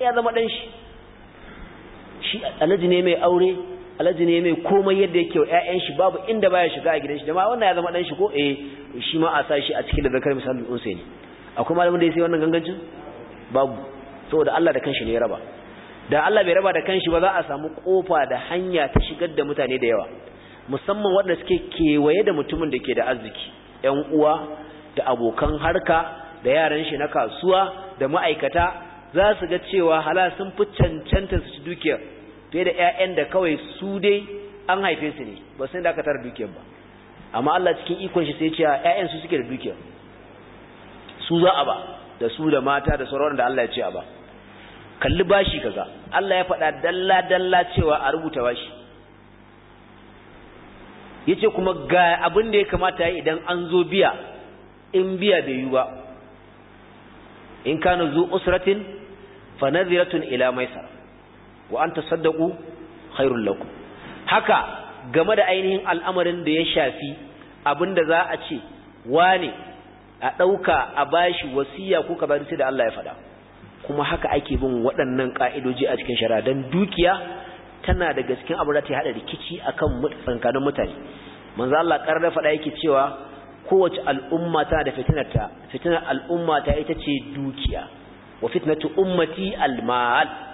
ya zama dan shi shi alhaji ne mai aure alhaji ne mai komai yadda yake wa ƴaƴan shi babu inda baya shiga a gidan shi jama'a wannan ya zama dan shi ko eh shi ma a sashi a cikin da zakar misalin unsa ne akwai malamin da ya sai wannan gangancin babu saboda Allah da kanshi ne ya raba da Allah bai raba da kanshi ba za a samu kofa da hanya ta shigar da mutane da yawa musamman wanda suke kewaye da mutumin da ke da arziki ƴan uwa da abokan harka da yaran shi na kasuwa da ma'aikata za su ga cewa hala sun fi cancanta su ci dukiyar fiye da 'yayan da kawai su dai an haife su ne ba sun da aka tara dukiyar ba amma Allah cikin ikon shi sai cewa 'ya'yan su suke da dukiyar su za a ba da su da mata da sauran da Allah ya ce a ba kalli bashi kaza Allah ya faɗa dalla dalla cewa a rubuta bashi yace kuma ga abin da ya kamata yi idan an zo biya in biya bai yi ba in kana zo usratin fa nadhiratun ila maisara wa saddaku tasaddaqu khairul lakum haka game da ainihin al'amarin da ya shafi abinda za a ce wane a ɗauka a bashi wasiya ko kaza sai da Allah ya faɗa kuma haka ake bin waɗannan ka'idoji a cikin shara dan dukiya tana da gaskin abu da ta hada rikici akan tsankanin mutane manzo Allah karra faɗa yake cewa kowace al'umma tana da fitinata. fitinar al'umma ta ita ce dukiya wa fitnatu ummati al-mal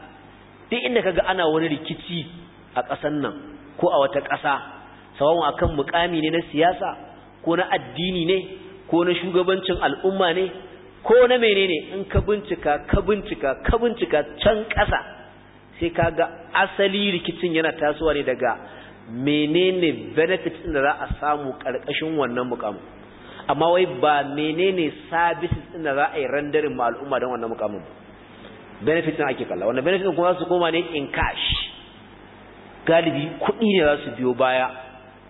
duk inda kaga ana wani rikici a ƙasan nan ko a wata ƙasa sawan akan mukami ne na siyasa ko na addini ne ko na shugabancin al'umma ne ko na menene in ka bincika ka bincika ka bincika can ƙasa sai kaga asali rikicin yana tasowa ne daga menene benefit da za a samu ƙarƙashin wannan mukamin amma wai ba menene services ɗin da za a yi randarin ma al'umma don wannan mukamin ba benefit din ake kalla wanda benefit kuma su koma ne in cash galibi kuɗi ne za su biyo baya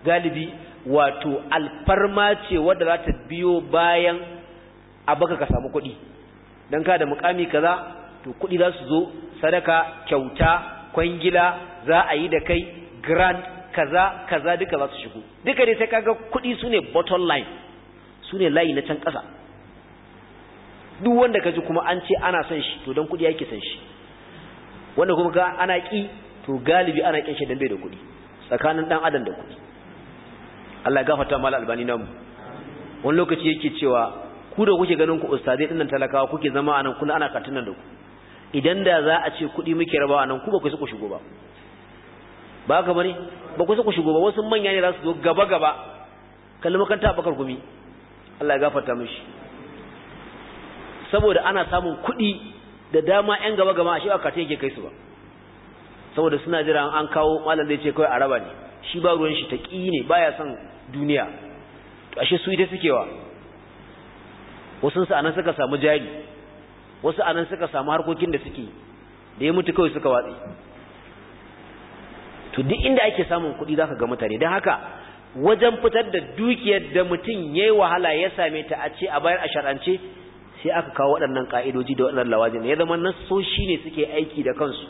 galibi wato alfarma ce wadda za ta biyo bayan a baka ka samu kuɗi don ka da mukami kaza to kuɗi za su zo sadaka kyauta kwangila za a yi da kai grand kaza kaza duka za su shigo duka dai sai kaga kuɗi su ne bottom line su ne layi na can ƙasa duk wanda kaji kuma an ce ana son shi to dan kudi yake son shi wanda kuma ga ana ki to galibi ana kin shi dan bai da kudi tsakanin dan adam da kudi Allah ya gafarta mal albani namu wani lokaci yake cewa ku da kuke ganin ku ustazai dinnan talakawa kuke zama anan kuna ana katunan da ku idan da za a ce kudi muke rabawa nan ku ba ku su ku shigo ba ba ka bari ba ku su ku shigo ba wasu manya ne za su zo gaba gaba kallon makanta bakar gumi Allah ya gafarta mishi saboda ana samun kuɗi da dama yan gaba gama a shi ba yake kai su ba saboda suna jira an kawo malam zai ce kawai araba ne shi ba ruwan shi taƙi ne baya son duniya to ashe su ita suke wa wasu su anan suka samu jari wasu anan suka samu harkokin da suke da ya mutu kawai suka watsi to duk inda ake samun kuɗi zaka ga mutane don haka wajen fitar da dukiyar da mutum ya yi wahala ya same ta a ce a bayar a shar'ance sai aka kawo waɗannan ƙaidoji da waɗannan lawajin ya zama nassoshi ne suke aiki da kansu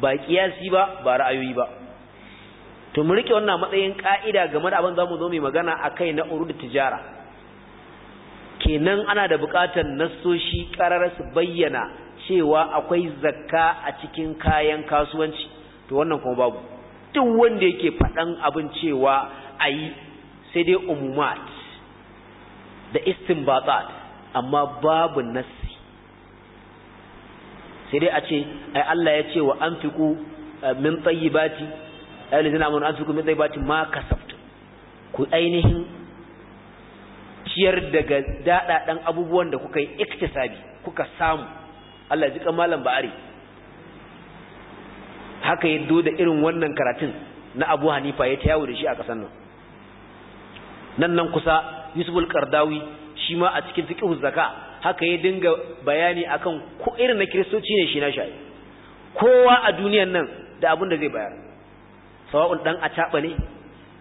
ba kiyasi ba ba ra'ayoyi ba to mu rike wannan matsayin ƙa'ida game da abin zamu zo mai magana a kai na urud tijara kenan ana da buƙatar nassoshi ƙarar su bayyana cewa akwai zakka a cikin kayan kasuwanci to wannan kuma babu duk wanda yake faɗan abin cewa ayi sai dai umumat da istinbatat amma babu nassi sai dai a ce ai Allah ya ce wa anfiqu eh, min tayyibati ai lazina amanu anfiqu min tayyibati ma kasabtu ku ainihin ciyar daga dadadan abubuwan da kuka yi iktisabi kuka samu Allah ji kamalan ba'ari haka yaddo da irin wannan karatun na Abu Hanifa ya ta da shi a kasan nan nan nan kusa Yusuf al-Qardawi shi ma a cikin fiƙi zaka haka ya dinga bayani akan ko irin na kiristoci ne shi na shi kowa a duniyan nan da abin da zai bayar sawa'un dan acaɓa ne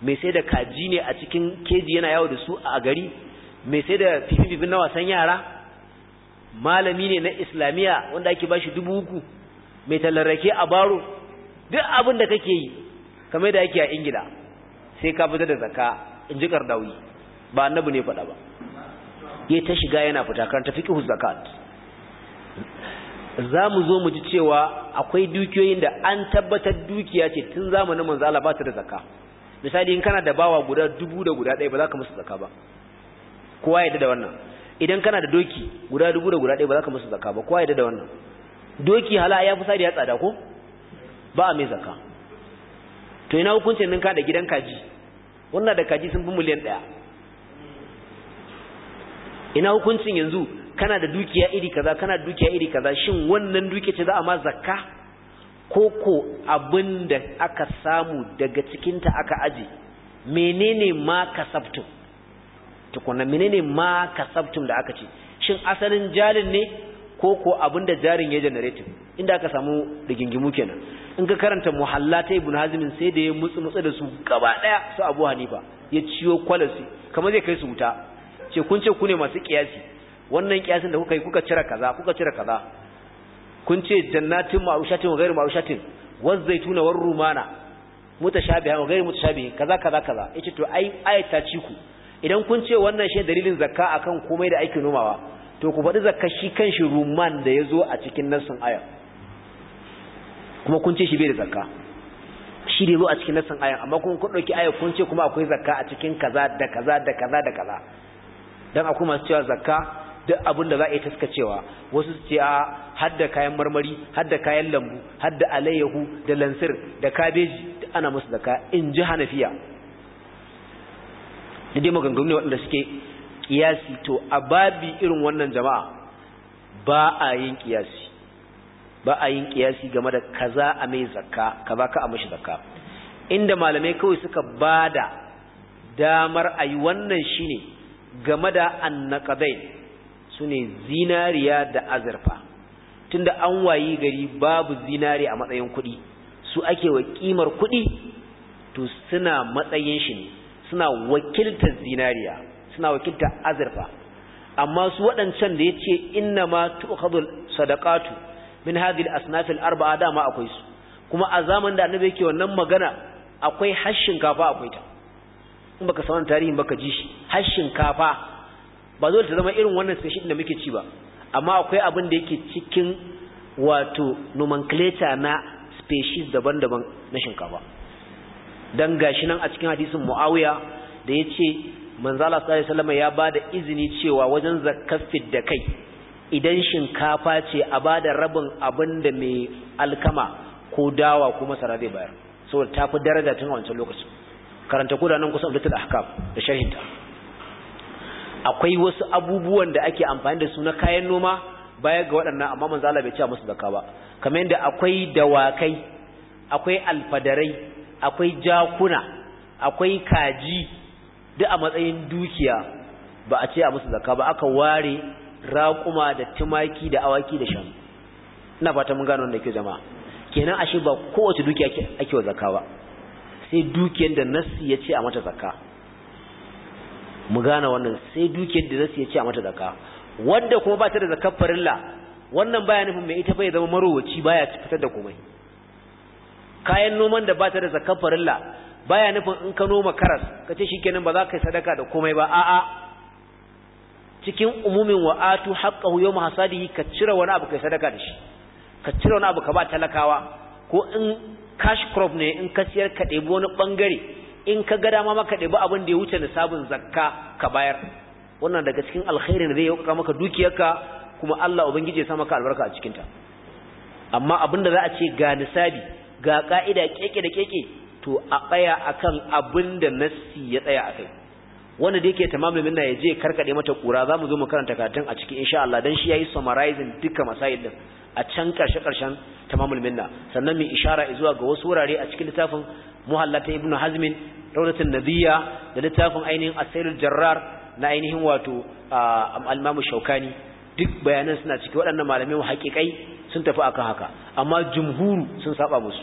mai sai da kaji ne a cikin keji yana yawo da su a gari mai sai da fifififin na wasan yara malami ne na islamiyya wanda ake bashi dubu uku mai talarrake a baro duk abin da kake yi kamar da ake a ingila sai ka fita da zaka in ji ƙardawi ba annabi ne faɗa ba ya ta shiga yana fita karanta fiqhu zakat za mu zo mu ji cewa akwai dukiyoyin da an tabbatar dukiya ce tun zamanin manzo Allah ba ta da zakka misali in kana da bawa guda dubu da guda ɗaya ba za ka musu zakka ba kowa ya da wannan idan kana da doki guda dubu da guda ɗaya ba za ka musu zakka ba kowa ya da wannan doki hala ya fi sadi ya tsada ko ba a mai zakka to ina hukuncin ninka da gidan kaji wannan da kaji sun fi miliyan ɗaya ina hukuncin yanzu kana da dukiya iri kaza kana da dukiya iri kaza shin wannan dukiya ce za a ma zakka ko ko abin aka samu daga cikinta aka aje menene ma To tukuna menene ma kasabtu da aka ce shin asalin jarin ne ko ko abin jarin ya generate inda aka samu rigingimu kenan in ka karanta muhallata ta ibn hazmin sai da ya mutsu mutsu da su gaba daya su abu hanifa ya ciyo kwalasi kamar zai kai su wuta ce kun ce ku ne masu kiyasi wannan kiyasin da kuka yi kuka cire kaza kuka cire kaza kun ce jannatin ma'rushatin wa ghairu ma'rushatin waz zaituna war rumana mutashabiha wa ghairu mutashabihi kaza kaza kaza yace to ai ayata ci ku idan kun ce wannan shi dalilin zakka akan komai da ake nomawa to ku faɗi zakka shi kanshi ruman da yazo a cikin nassin aya kuma kun ce shi bai da zakka shi da yazo a cikin nassin aya amma kun ku dauki aya kun ce kuma akwai zakka a cikin kaza da kaza da kaza da kaza dan akwai masu cewa zakka duk abin da za a yi taskacewa wasu su ce a hadda kayan marmari hadda kayan lambu hadda alayyahu da lansir da kabeji duk ana musu zakka in ji hanafiya da dai maganganu ne waɗanda suke kiyasi to a babi irin wannan jama'a ba a yin kiyasi ba a yin kiyasi game da kaza a mai zakka kaza ka a mashi zakka inda malamai kawai suka bada damar a yi wannan shine game da su ne zinariya da azurfa tunda an wayi gari babu zinari a matsayin kuɗi su ake wa kimar kuɗi to suna matsayin shi ne suna wakiltar zinariya suna wakiltar azurfa amma su waɗancan da ya ce inna ma tukhadul sadaqatu min hadhihi al-asnaf al-arba'a dama akwai su kuma a zaman da annabi yake wannan magana akwai hashin kafa akwai ta in baka san tarihin baka ji shi har shinkafa ba zai ta zama irin wannan special da muke ci ba amma akwai abin da yake cikin wato nomenclature na species daban-daban na shinkafa dan gashi nan a cikin hadisin Muawiya da yace manzo Allah sallallahu alaihi wasallam ya bada izini cewa wajen zakafid da kai idan shinkafa ce a bada rabin abin da mai alkama ko dawa ko sara zai bayar saboda tafi daraja tun a wancan lokacin karanta da nan kusa abdul ahkam da sharhinta akwai wasu abubuwan da ake amfani da su na kayan noma baya ga waɗannan amma manzo Allah bai ce musu zakka ba kamar yadda akwai dawakai akwai alfadarai akwai jakuna akwai kaji duk a matsayin dukiya ba a ce a musu zakka ba aka ware raƙuma da tumaki da awaki da shanu ina fata mun gano wanda ke jama'a kenan ashe ba kowace dukiya ake wa zakka ba sai dukiyar da nassi ya ce a mata zakka mu gane wannan sai dukiyar da nassi ya ce a mata zakka wanda kuma ba ta da zakkar farilla wannan baya nufin mai ita bai zama marowaci baya fitar da komai kayan noman da ba ta da zakkar farilla baya nufin in ka noma karas ka ce shikenan ba za ka yi sadaka da komai ba a'a cikin umumin wa'atu haqqahu yawma hasadihi ka cire wani abu kai sadaka da shi ka cire wani abu ka ba talakawa ko in cash crop ne in ka siyar ka ɗebi wani ɓangare in ka ga dama maka ɗebi abin da ya wuce sabon zakka ka bayar wannan daga cikin alkhairin da zai yauka maka dukiyarka kuma Allah ubangiji ya sa maka albarka a cikinta amma abin da za a ce ga nisabi ga ka'ida keke da keke to a tsaya akan abin da nassi ya tsaya akai wanda da yake tamamul minna ya je karkade mata kura zamu zo mu karanta karatun a ciki insha Allah dan shi yayi summarizing duka masail din a can karshe karshen tamamul minna sannan mu ishara zuwa ga wasu wurare a cikin littafin muhallata ibn hazmin rawdatun nadiyya da littafin ainihin asailul jarrar na ainihin wato al-imam shaukani duk bayanan suna ciki waɗannan malamai haƙiƙai sun tafi akan haka amma jumhuru sun saba musu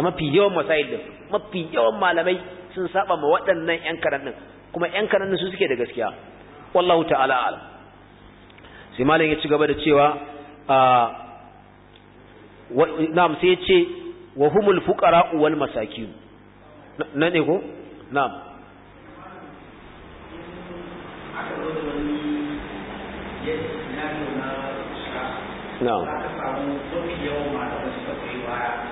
mafi yawan masail din mafi yawan malamai sun saba ma waɗannan yan karan kuma ƴan kanan su suke da gaskiya wallahu ta'ala alam sai Malin ya ci gaba da cewa na'am sai ya ce wa humul fuqara wal masakin na ne ko na'am na'am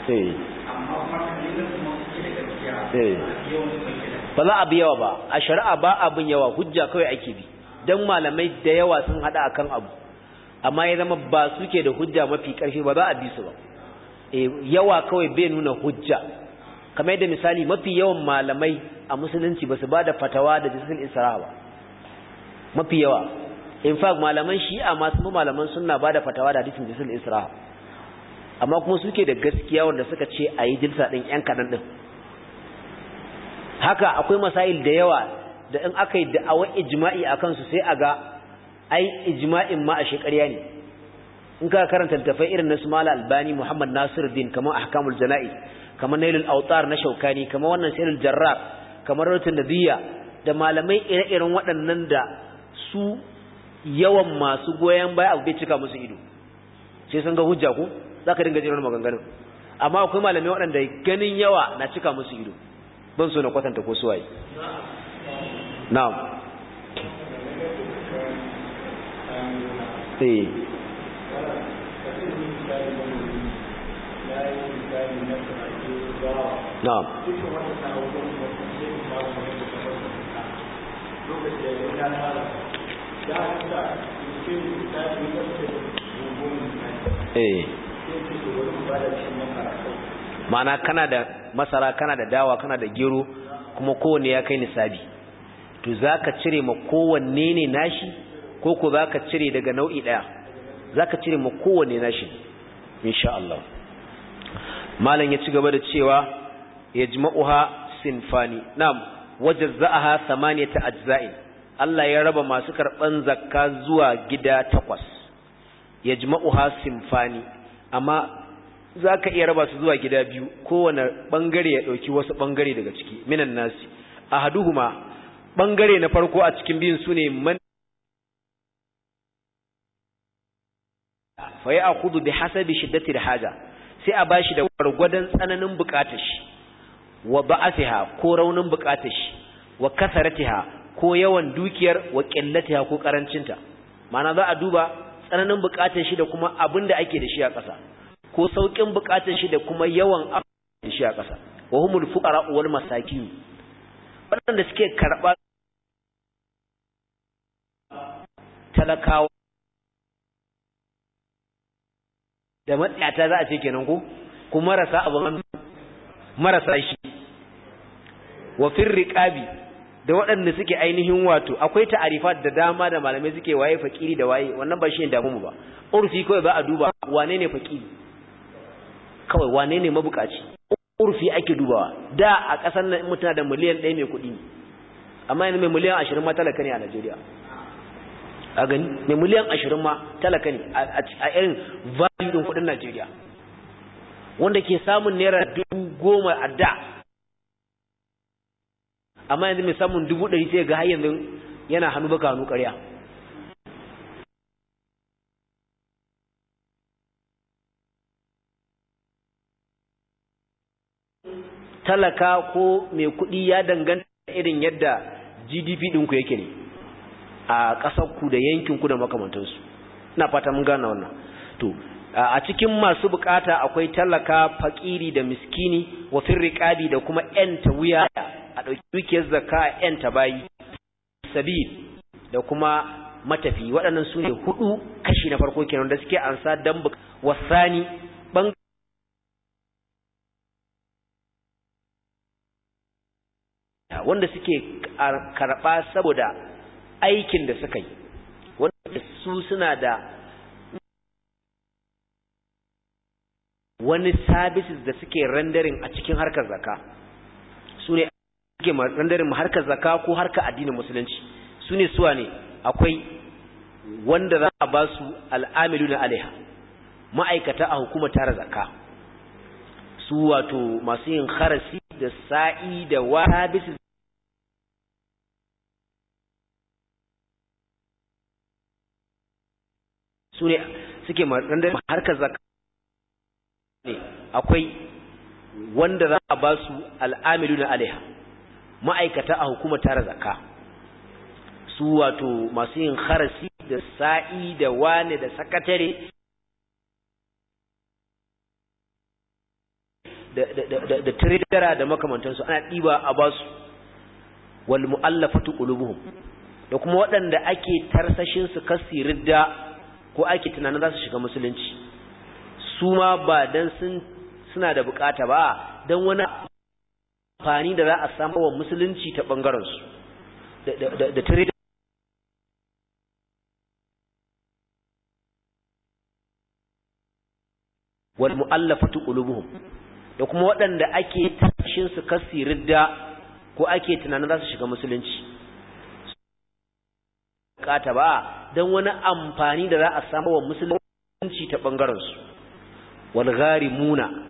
eh. amma kuma da gaskiya eh. ba za a bi yawa ba a shari'a ba abin yawa hujja kawai ake bi don malamai da yawa sun hada kan abu amma ya zama ba suke da hujja mafi karfi ba za a bi su ba e yawa kawai bai nuna hujja kamar yadda misali mafi yawan malamai a musulunci ba su ba da fatawa da jisun isra ba mafi yawa in fact malaman shi'a ma mu malaman suna ba da fatawa da hadisin jisun isra amma kuma suke da gaskiya wanda suka ce a yi jinsa ɗin yan kaɗan ɗin haka akwai masail da yawa da in aka yi da'awar ijma'i a kansu sai a ga ai ijma'in ma a shekarya ne in ka karanta tafai irin na sumala albani muhammad nasiruddin kamar ahkamul jana'i kamar nailul autar na shaukani kamar wannan sailul jarrar kamar rutun nadiya da malamai ire-iren waɗannan da su yawan masu goyon baya a bai cika musu ido sai sun ga hujja ku za ka dinga jiran maganganun amma akwai malamai waɗanda ganin yawa na cika musu ido ban so na kwatanta ko suwaye na'am eh na'am eh ma'ana kana da masara kana da dawa kana da gero kuma kowanne ya kai nisabi to zaka cire ma kowanne ne nashi ko ko zaka cire daga nau'i daya zaka cire ma kowanne nashi insha Allah malam ya ci gaba da cewa yajma'uha sinfani na'am wajazza'aha ta ajza'in Allah ya raba masu karban zakka zuwa gida takwas yajma'uha sinfani amma za ka iya raba su zuwa gida biyu kowane ɓangare ya ɗauki wasu ɓangare daga ciki minan nasi a haduhuma ɓangare na farko a cikin biyun su ne man fa ya akudu bi hasabi shiddati haja sai a bashi da gwargwadon tsananin bukatar shi wa ba'atiha ko raunin bukatar shi wa kasaratiha ko yawan dukiyar wa qillatiha ko karancinta ma'ana za a duba tsananin bukatar shi da kuma abin da ake da shi a ƙasa ko saukin bukatun shi da kuma yawan abin shi a ƙasa wa humul fuqara wal masakin waɗanda suke karɓa talakawa da matsayata za a ce kenan ko ku marasa abin marasa shi wa firriqabi da waɗanda suke ainihin wato akwai ta'arifat da dama da malamai suke waye fakiri da waye wannan ba shi ne damu ba urfi kawai ba a duba wane ne fakiri kawai wane ne mabukaci urfi ake dubawa da a ƙasar nan mutuna da miliyan ɗaya mai kuɗi amma yanzu mai miliyan ashirin ma talaka ne a najeriya a gani mai miliyan ashirin ma talaka ne a irin value ɗin kuɗin najeriya wanda ke samun naira dubu goma a da amma yanzu mai samun dubu ɗari sai ga har yanzu yana hannu baka hannu ƙarya talaka ko mai kuɗi ya danganta irin yadda gdp ɗinku yake ne a ƙasarku da yankinku da makamantansu na fata mun gane wannan to a cikin masu bukata akwai talaka fakiri da miskini wa firriqadi da kuma yan wuya a dauki dukiyar zakka yan bayi sabi da kuma matafi waɗannan su ne hudu kashi na farko kenan da suke ansa dan wasani wanda suke karɓa saboda aikin da suka yi wanda su suna da wani services da suke rendering a cikin harkar zaka su ne suke rendering harkar zaka ko harkar addinin musulunci su ne suwa ne akwai wanda za a ba su al'amilu na alaiha ma'aikata a hukumar tara zaka su wato masu yin harasi da sa'i da wahabisu su ne suke marandar harkar zaka ne akwai wanda za a ba su al'amilu na alaiha ma'aikata a hukumar tara zaka su wato masu yin harasi da sa'i da wane da sakatare da tiridara da makamantansu ana ɗiba a basu wal mu'allafatu tukulubuhun da kuma waɗanda ake tarsashinsu su da ko ake tunanin za su shiga musulunci su ma ba dan suna da bukata ba dan wani amfani da za a samu wa musulunci ta bangaren su da tare wal mu'allafatu qulubuhum da kuma waɗanda ake tashin su da ko ake tunanin za su shiga musulunci kata ba don wani amfani da za a samu wa musulunci ta ɓangarensu walgari muna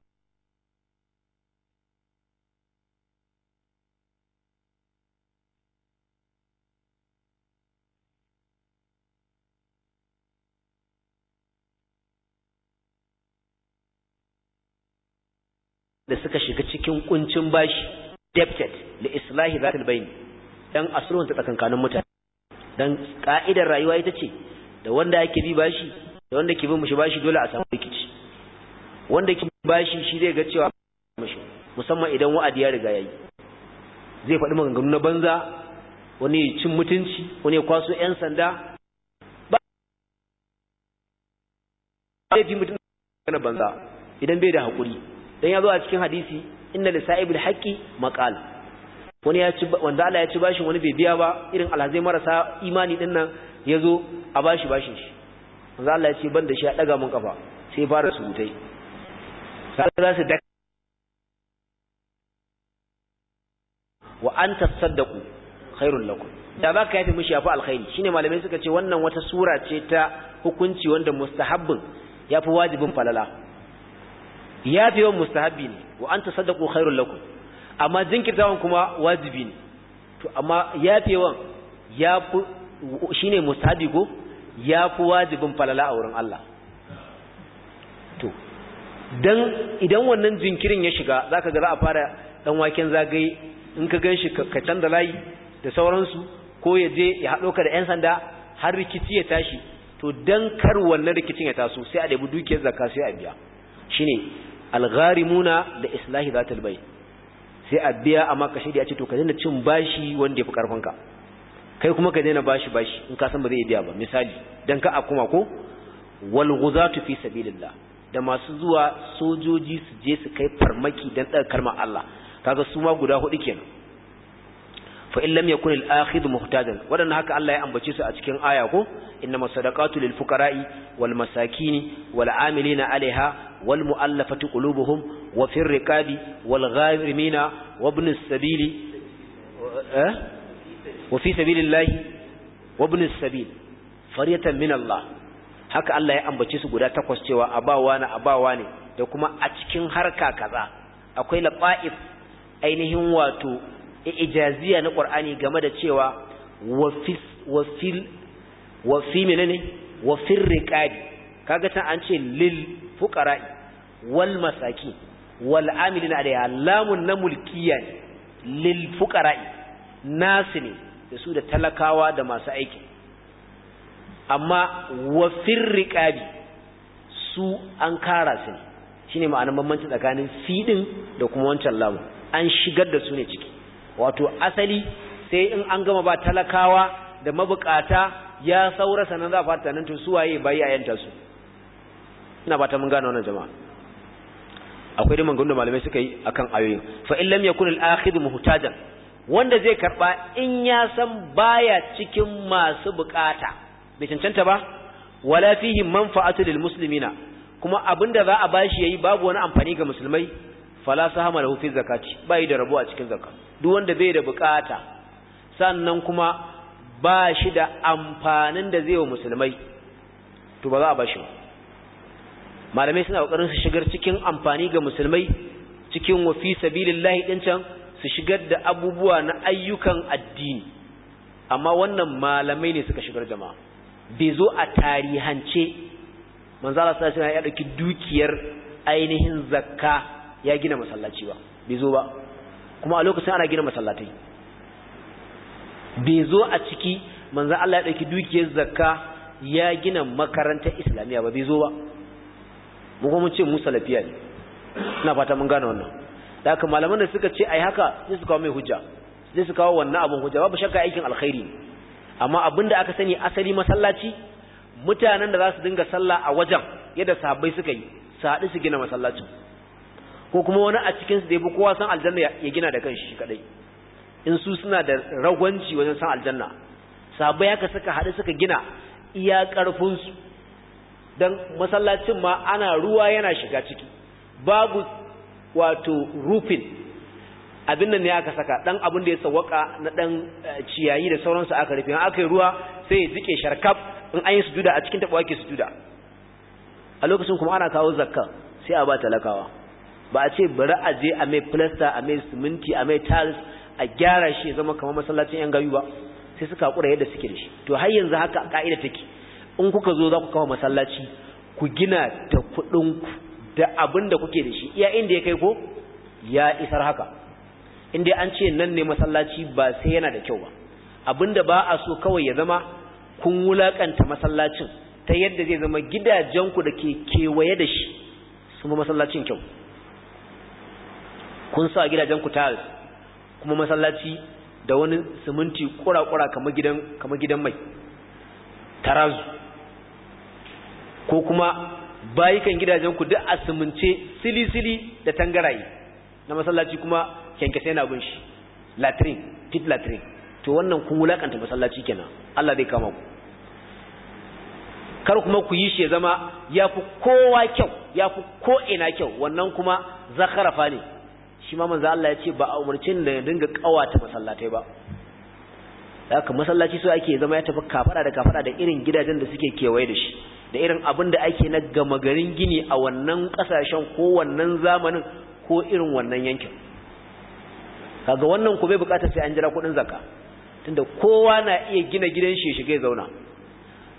da suka shiga cikin kuncin bashi debted da islahi zatul bayni dan asulhun ta tsakankanin mutane dan ka'idar rayuwa ita ce da wanda yake bi bashi da wanda ke bin mushi bashi dole a samu rikici wanda ke bashi shi zai ga cewa mushi musamman idan wa'adi ya riga yayi zai faɗi maganganu na banza wani ya cin mutunci wani ya kwaso yan sanda ba zai fi mutum na banza idan bai da haƙuri dan ya zo a cikin hadisi inna lisa'ibul haqqi maqal wani ya ci wanda Allah ya ci bashin wani bai biya ba irin alhazai marasa imani din nan yazo a bashi bashin shi wanda Allah ya ce ban da shi ya daga mun kafa sai fara surutai sai za su daka wa an tasaddaqu khairul lakum da ka yafi mushi yafi alkhairi shine malamai suka ce wannan wata sura ce ta hukunci wanda mustahabbin yafi wajibin falala yafi yawan mustahabbi ne wa an tasaddaqu khairul lakum amma jinkirtawan kuma wajibi ne to amma yafewan yafi shine mustahabi ko yafi wajibin falala a wurin Allah to dan idan wannan jinkirin ya shiga zaka ga za a fara dan waken zagaye in ka ganshi ka canza layi da sauransu ko ya je ya hado ka da yan sanda har rikici ya tashi to dan kar wannan rikicin ya taso sai a debi dukiyar zakka sai a biya shine algharimuna da islahi zatul bayt sai a biya a maka shaidi a ce to ka daina cin bashi wanda ya fi karfinka kai kuma ka daina bashi bashi in ka san ba zai iya biya ba misali dan ka a kuma ko wal ghuzatu fi sabilillah da masu zuwa sojoji su je su kai farmaki dan daga karma Allah kaga su ma guda hudu kenan fa in lam yakun al akhidh muhtajan wadannan haka Allah ya ambace su a cikin aya ko innamas sadaqatu lil fuqara'i wal masakini wal amilina alaiha wal mu'allafati qulubuhum wa fir riqabi wal sabili eh sabilillahi wa ibn as-sabil haka Allah ya ambace su guda takwas cewa da kuma a cikin harka kaza akwai laba'if ainihin wato ijaziya na Qur'ani game da cewa wa fi wa fil wa fi menene wa riqabi kaga ta an ce lil fuqara'i wal masaki wal amilina alayha lamun na mulkiya lil fuqara'i nasu ne da su da talakawa da masu aiki amma wa firriqabi su an kara su ne shine ma'anar bambanci tsakanin fi din da kuma wancan lamu an shigar da su ne ciki wato asali sai in an gama ba talakawa da mabukata ya saura sanan za a fata nan to suwaye bayi a yanta su ina ba ta mun gane wannan jama'a akwai da maganganun da malamai suka yi akan ayoyin fa in lam yakun al-akhidh muhtajan wanda zai karba in ya san baya cikin masu bukata bai cancanta ba wala fihi manfa'atu lil muslimina kuma abinda za a bashi yayi babu wani amfani ga musulmai fala sahama lahu fi zakati bai da rabo a cikin zakka duk wanda bai da bukata sannan kuma ba shi da amfanin da zai wa musulmai to ba za a bashi ba malamai suna kokarin su shigar cikin amfani ga musulmai cikin wafi sabilillah din can su shigar da abubuwa na ayyukan addini amma wannan malamai ne suka shigar jama'a bai zo a tarihance Allah sallallahu alaihi ya dauki dukiyar ainihin zakka ya gina masallaci ba bai zo ba kuma a lokacin ana gina masallatai bai zo a ciki manzo Allah ya dauki dukiyar zakka ya gina makarantar islamiyya ba bai zo ba mu kuma ce mu salafiya ne ina fata mun gane wannan da haka malaman da suka ce ai haka sai su kawo mai hujja sai su kawo wannan abun hujja babu shakka aikin alkhairi ne amma da aka sani asali masallaci mutanen da za su dinga sallah a wajen yadda sahabbai suka yi su haɗu su gina masallacin ko kuma wani a cikin su da yabi kowa san aljanna ya gina da kanshi shi kadai in su suna da ragwanci wajen san aljanna sahabbai haka saka haɗu suka gina iya ƙarfin su don masallacin ma ana ruwa yana shiga ciki babu wato rufin abin nan ne aka saka dan abin da ya sawaka na dan eh, ciyayi da sauransu aka rufe aka yi ruwa sai ya jike sharkab in an yi sujuda a cikin taɓa ake sujuda a lokacin kuma ana kawo zakka sai a ba talakawa ba a ce bari a je a mai plaster a mai siminti a mai tiles a gyara shi ya zama kamar masallacin yan gayu ba sai suka haƙura yadda suke da shi to har yanzu haka ka'ida take in kuka zo za ku kawo masallaci ku gina da kuɗin ku da abin da kuke da shi iya inda ya kai ko ya isar haka inda an ce nan ne masallaci ba sai yana da kyau ba abin da ba a so kawai ya zama kun wulakanta masallacin ta yadda zai zama gidajenku da ke kewaye da shi su masallacin kyau kun sa gidajenku tiles kuma masallaci da wani siminti kura-kura kama gidan mai tarazu ko kuma gidajen gidajenku duk a sumunce silisili da tangaraye na masallaci kuma kyankyasa yana bin shi latrin pit latrin to wannan kun wulakanta masallaci kenan Allah zai kama ku kar kuma ku yi shi zama yafi kowa kyau yafi ko ina kyau wannan kuma zakarafa ne shi ma manzo Allah ya ce ba a umarcin da ya dinga kawata masallatai ba haka masallaci so ake zama ya tafi kafada da kafada da irin gidajen da suke kewaye da shi da irin abin da ake na gama garin gini a wannan kasashen ko wannan zamanin ko irin wannan yankin kaga wannan ku bai bukatar sai an jira kudin zakka tunda kowa na iya gina gidan shi shige zauna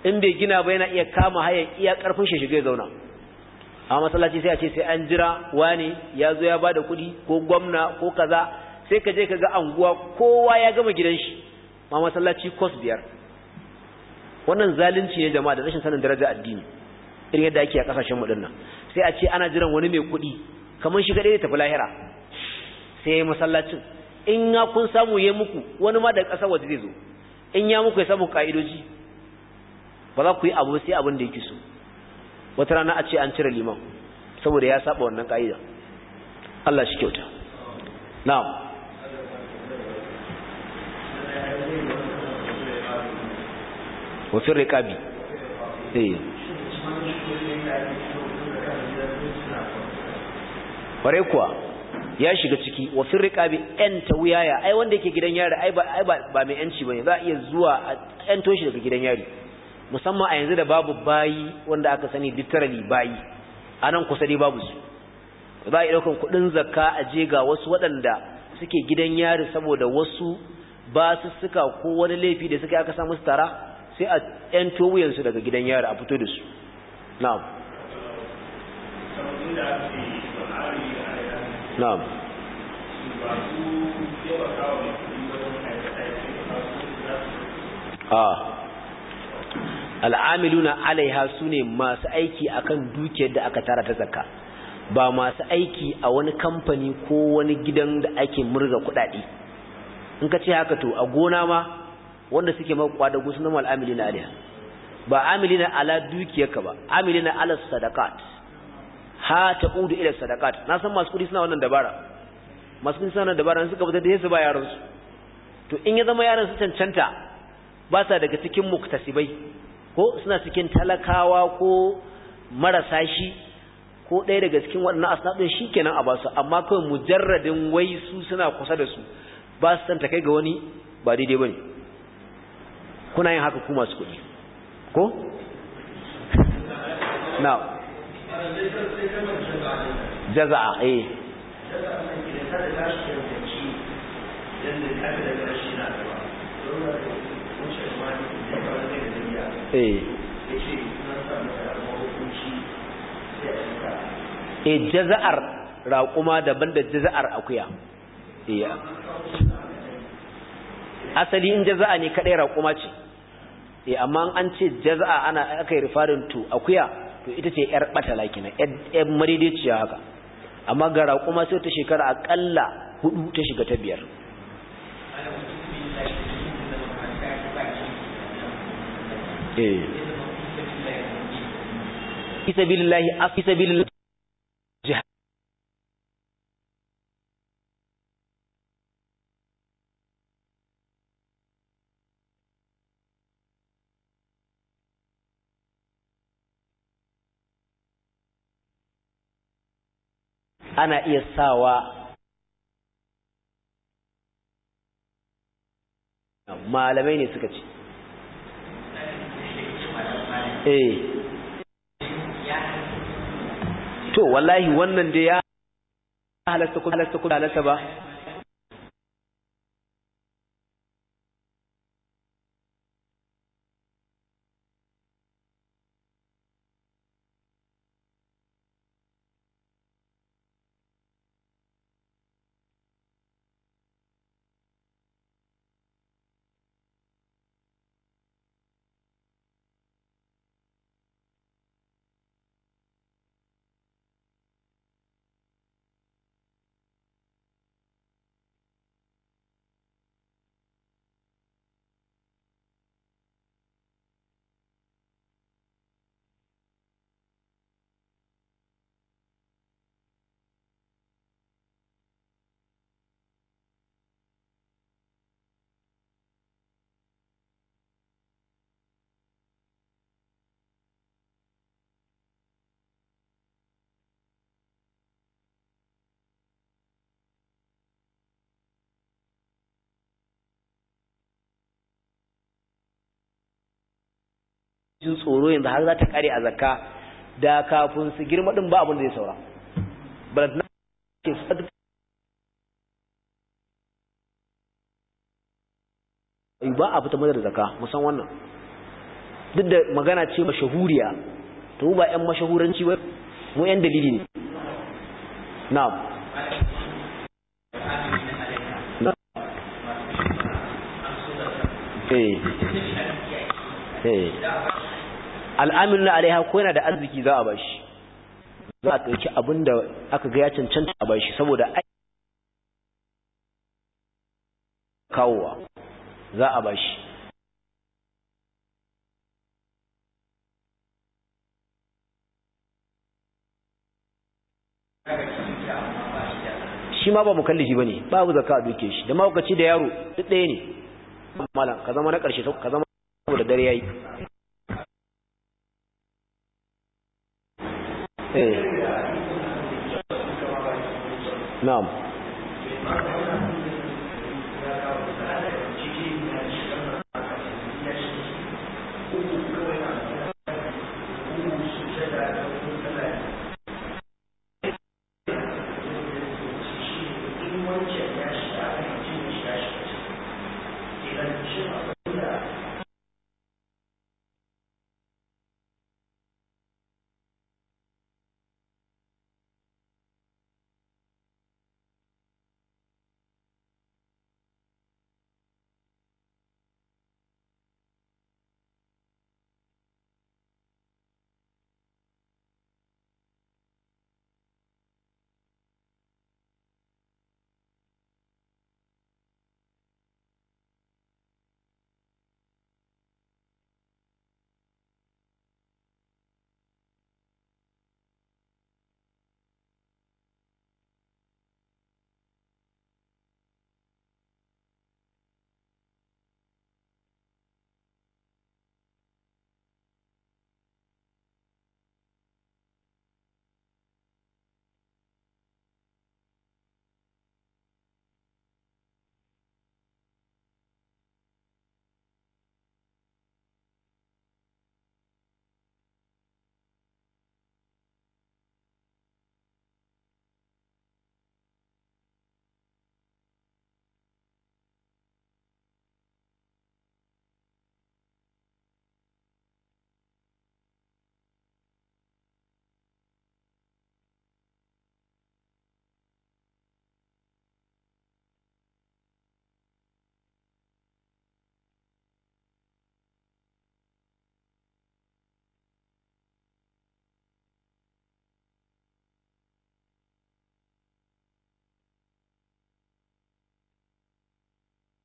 in bai gina ba yana iya kama haya iya karfin shi shige zauna a masallaci sai a ce sai an jira wani ya zo ya bada kudi ko gwamna ko kaza sai ka je ka ga anguwa kowa ya gama gidan shi ma masallaci kos biyar wannan zalunci ne jama'a da rashin sanin daraja addini irin yadda ake a kasashen mu dinnan sai a ce ana jiran wani mai kuɗi kamar shi kadai tafi lahira sai yayi masallacin in ya kun samu yayi muku wani ma daga kasar waje zai zo in ya muku ya samu ka'idoji ba za ku yi abu sai abin da yake so wata rana a ce an cire liman saboda ya saba wannan ka'ida Allah shi kyauta na'am wasu riƙabi ƙware eh. kuwa ya shiga ciki wasu rikabi ‘yan ta wuyaya ai wanda yake gidan yari ai ba mai ‘yanci ba ne za a iya zuwa ‘yan toshi daga gidan yari musamman a yanzu da babu bayi wanda aka sani literally bayi a nan kusa dai babu su za a ɗaukan kuɗin zakka a je ga wasu waɗanda suke gidan yari saboda wasu ba su suka ko wani laifi da suka yi aka samu su tara sai a yanto wuyansu daga gidan yara a fito da su na'am na'am a ah. al'amiluna alaiha sune masu aiki akan dukiyar da aka tara ta zakka ba masu aiki a wani kamfani ko wani gidan da ake murza kuɗaɗe in ka ce haka to a gona ma wanda suke gusu kwadago sunan na alaiha ba amilina ala ka ba amilina ala sadaqat ha ta Udu ila sadaqat na san masu kudi suna wannan dabara masu kudi suna wannan dabara su fita da su ba yaran su to in ya zama yaran su cancanta ba sa daga cikin muktasibai ko suna cikin talakawa ko marasa shi ko ɗaya daga cikin waɗannan shi kenan a ba su amma kawai mujarradin wai su suna kusa da su ba su san ta kai ga wani ba daidai ne. kuna yin haka kuma su kudi ko na jaza a eh e jaza'ar raƙuma daban da jaza'ar akuya eh. asali in jaza'a ne kaɗai raƙuma ce eh amma an ce jaz'a ana aka yi rifarin to akuya to ita ce yar batala kenan yar maridiciya haka amma ga kuma sai ta shekara akalla hudu ta shiga ta biyar eh fi sabilillahi ana iya sawa malamai ne suka ce eh to wallahi wannan da ya halasta ku halasta ku halasta ba jin tsoro yanzu har za ta kare a zakka da kafin su girma din ba abin da zai saura ba a fita madar zakka musan wannan duk da magana ce mashahuriya to ba yan mashahuranci ba mu yan dalili ne na'am eh eh al'amilun alaiha ko yana da arziki za a ba shi, za a ɗauki abin da aka ga ya cancanta a ba shi, saboda ai kawowa za a ba shi Shi ma ba mukallifi bane babu zakka a duke shi da mawukaci da yaro duk ɗaya ne malam ka zama na ƙarshe ka zama da dare yayi Eh. na'am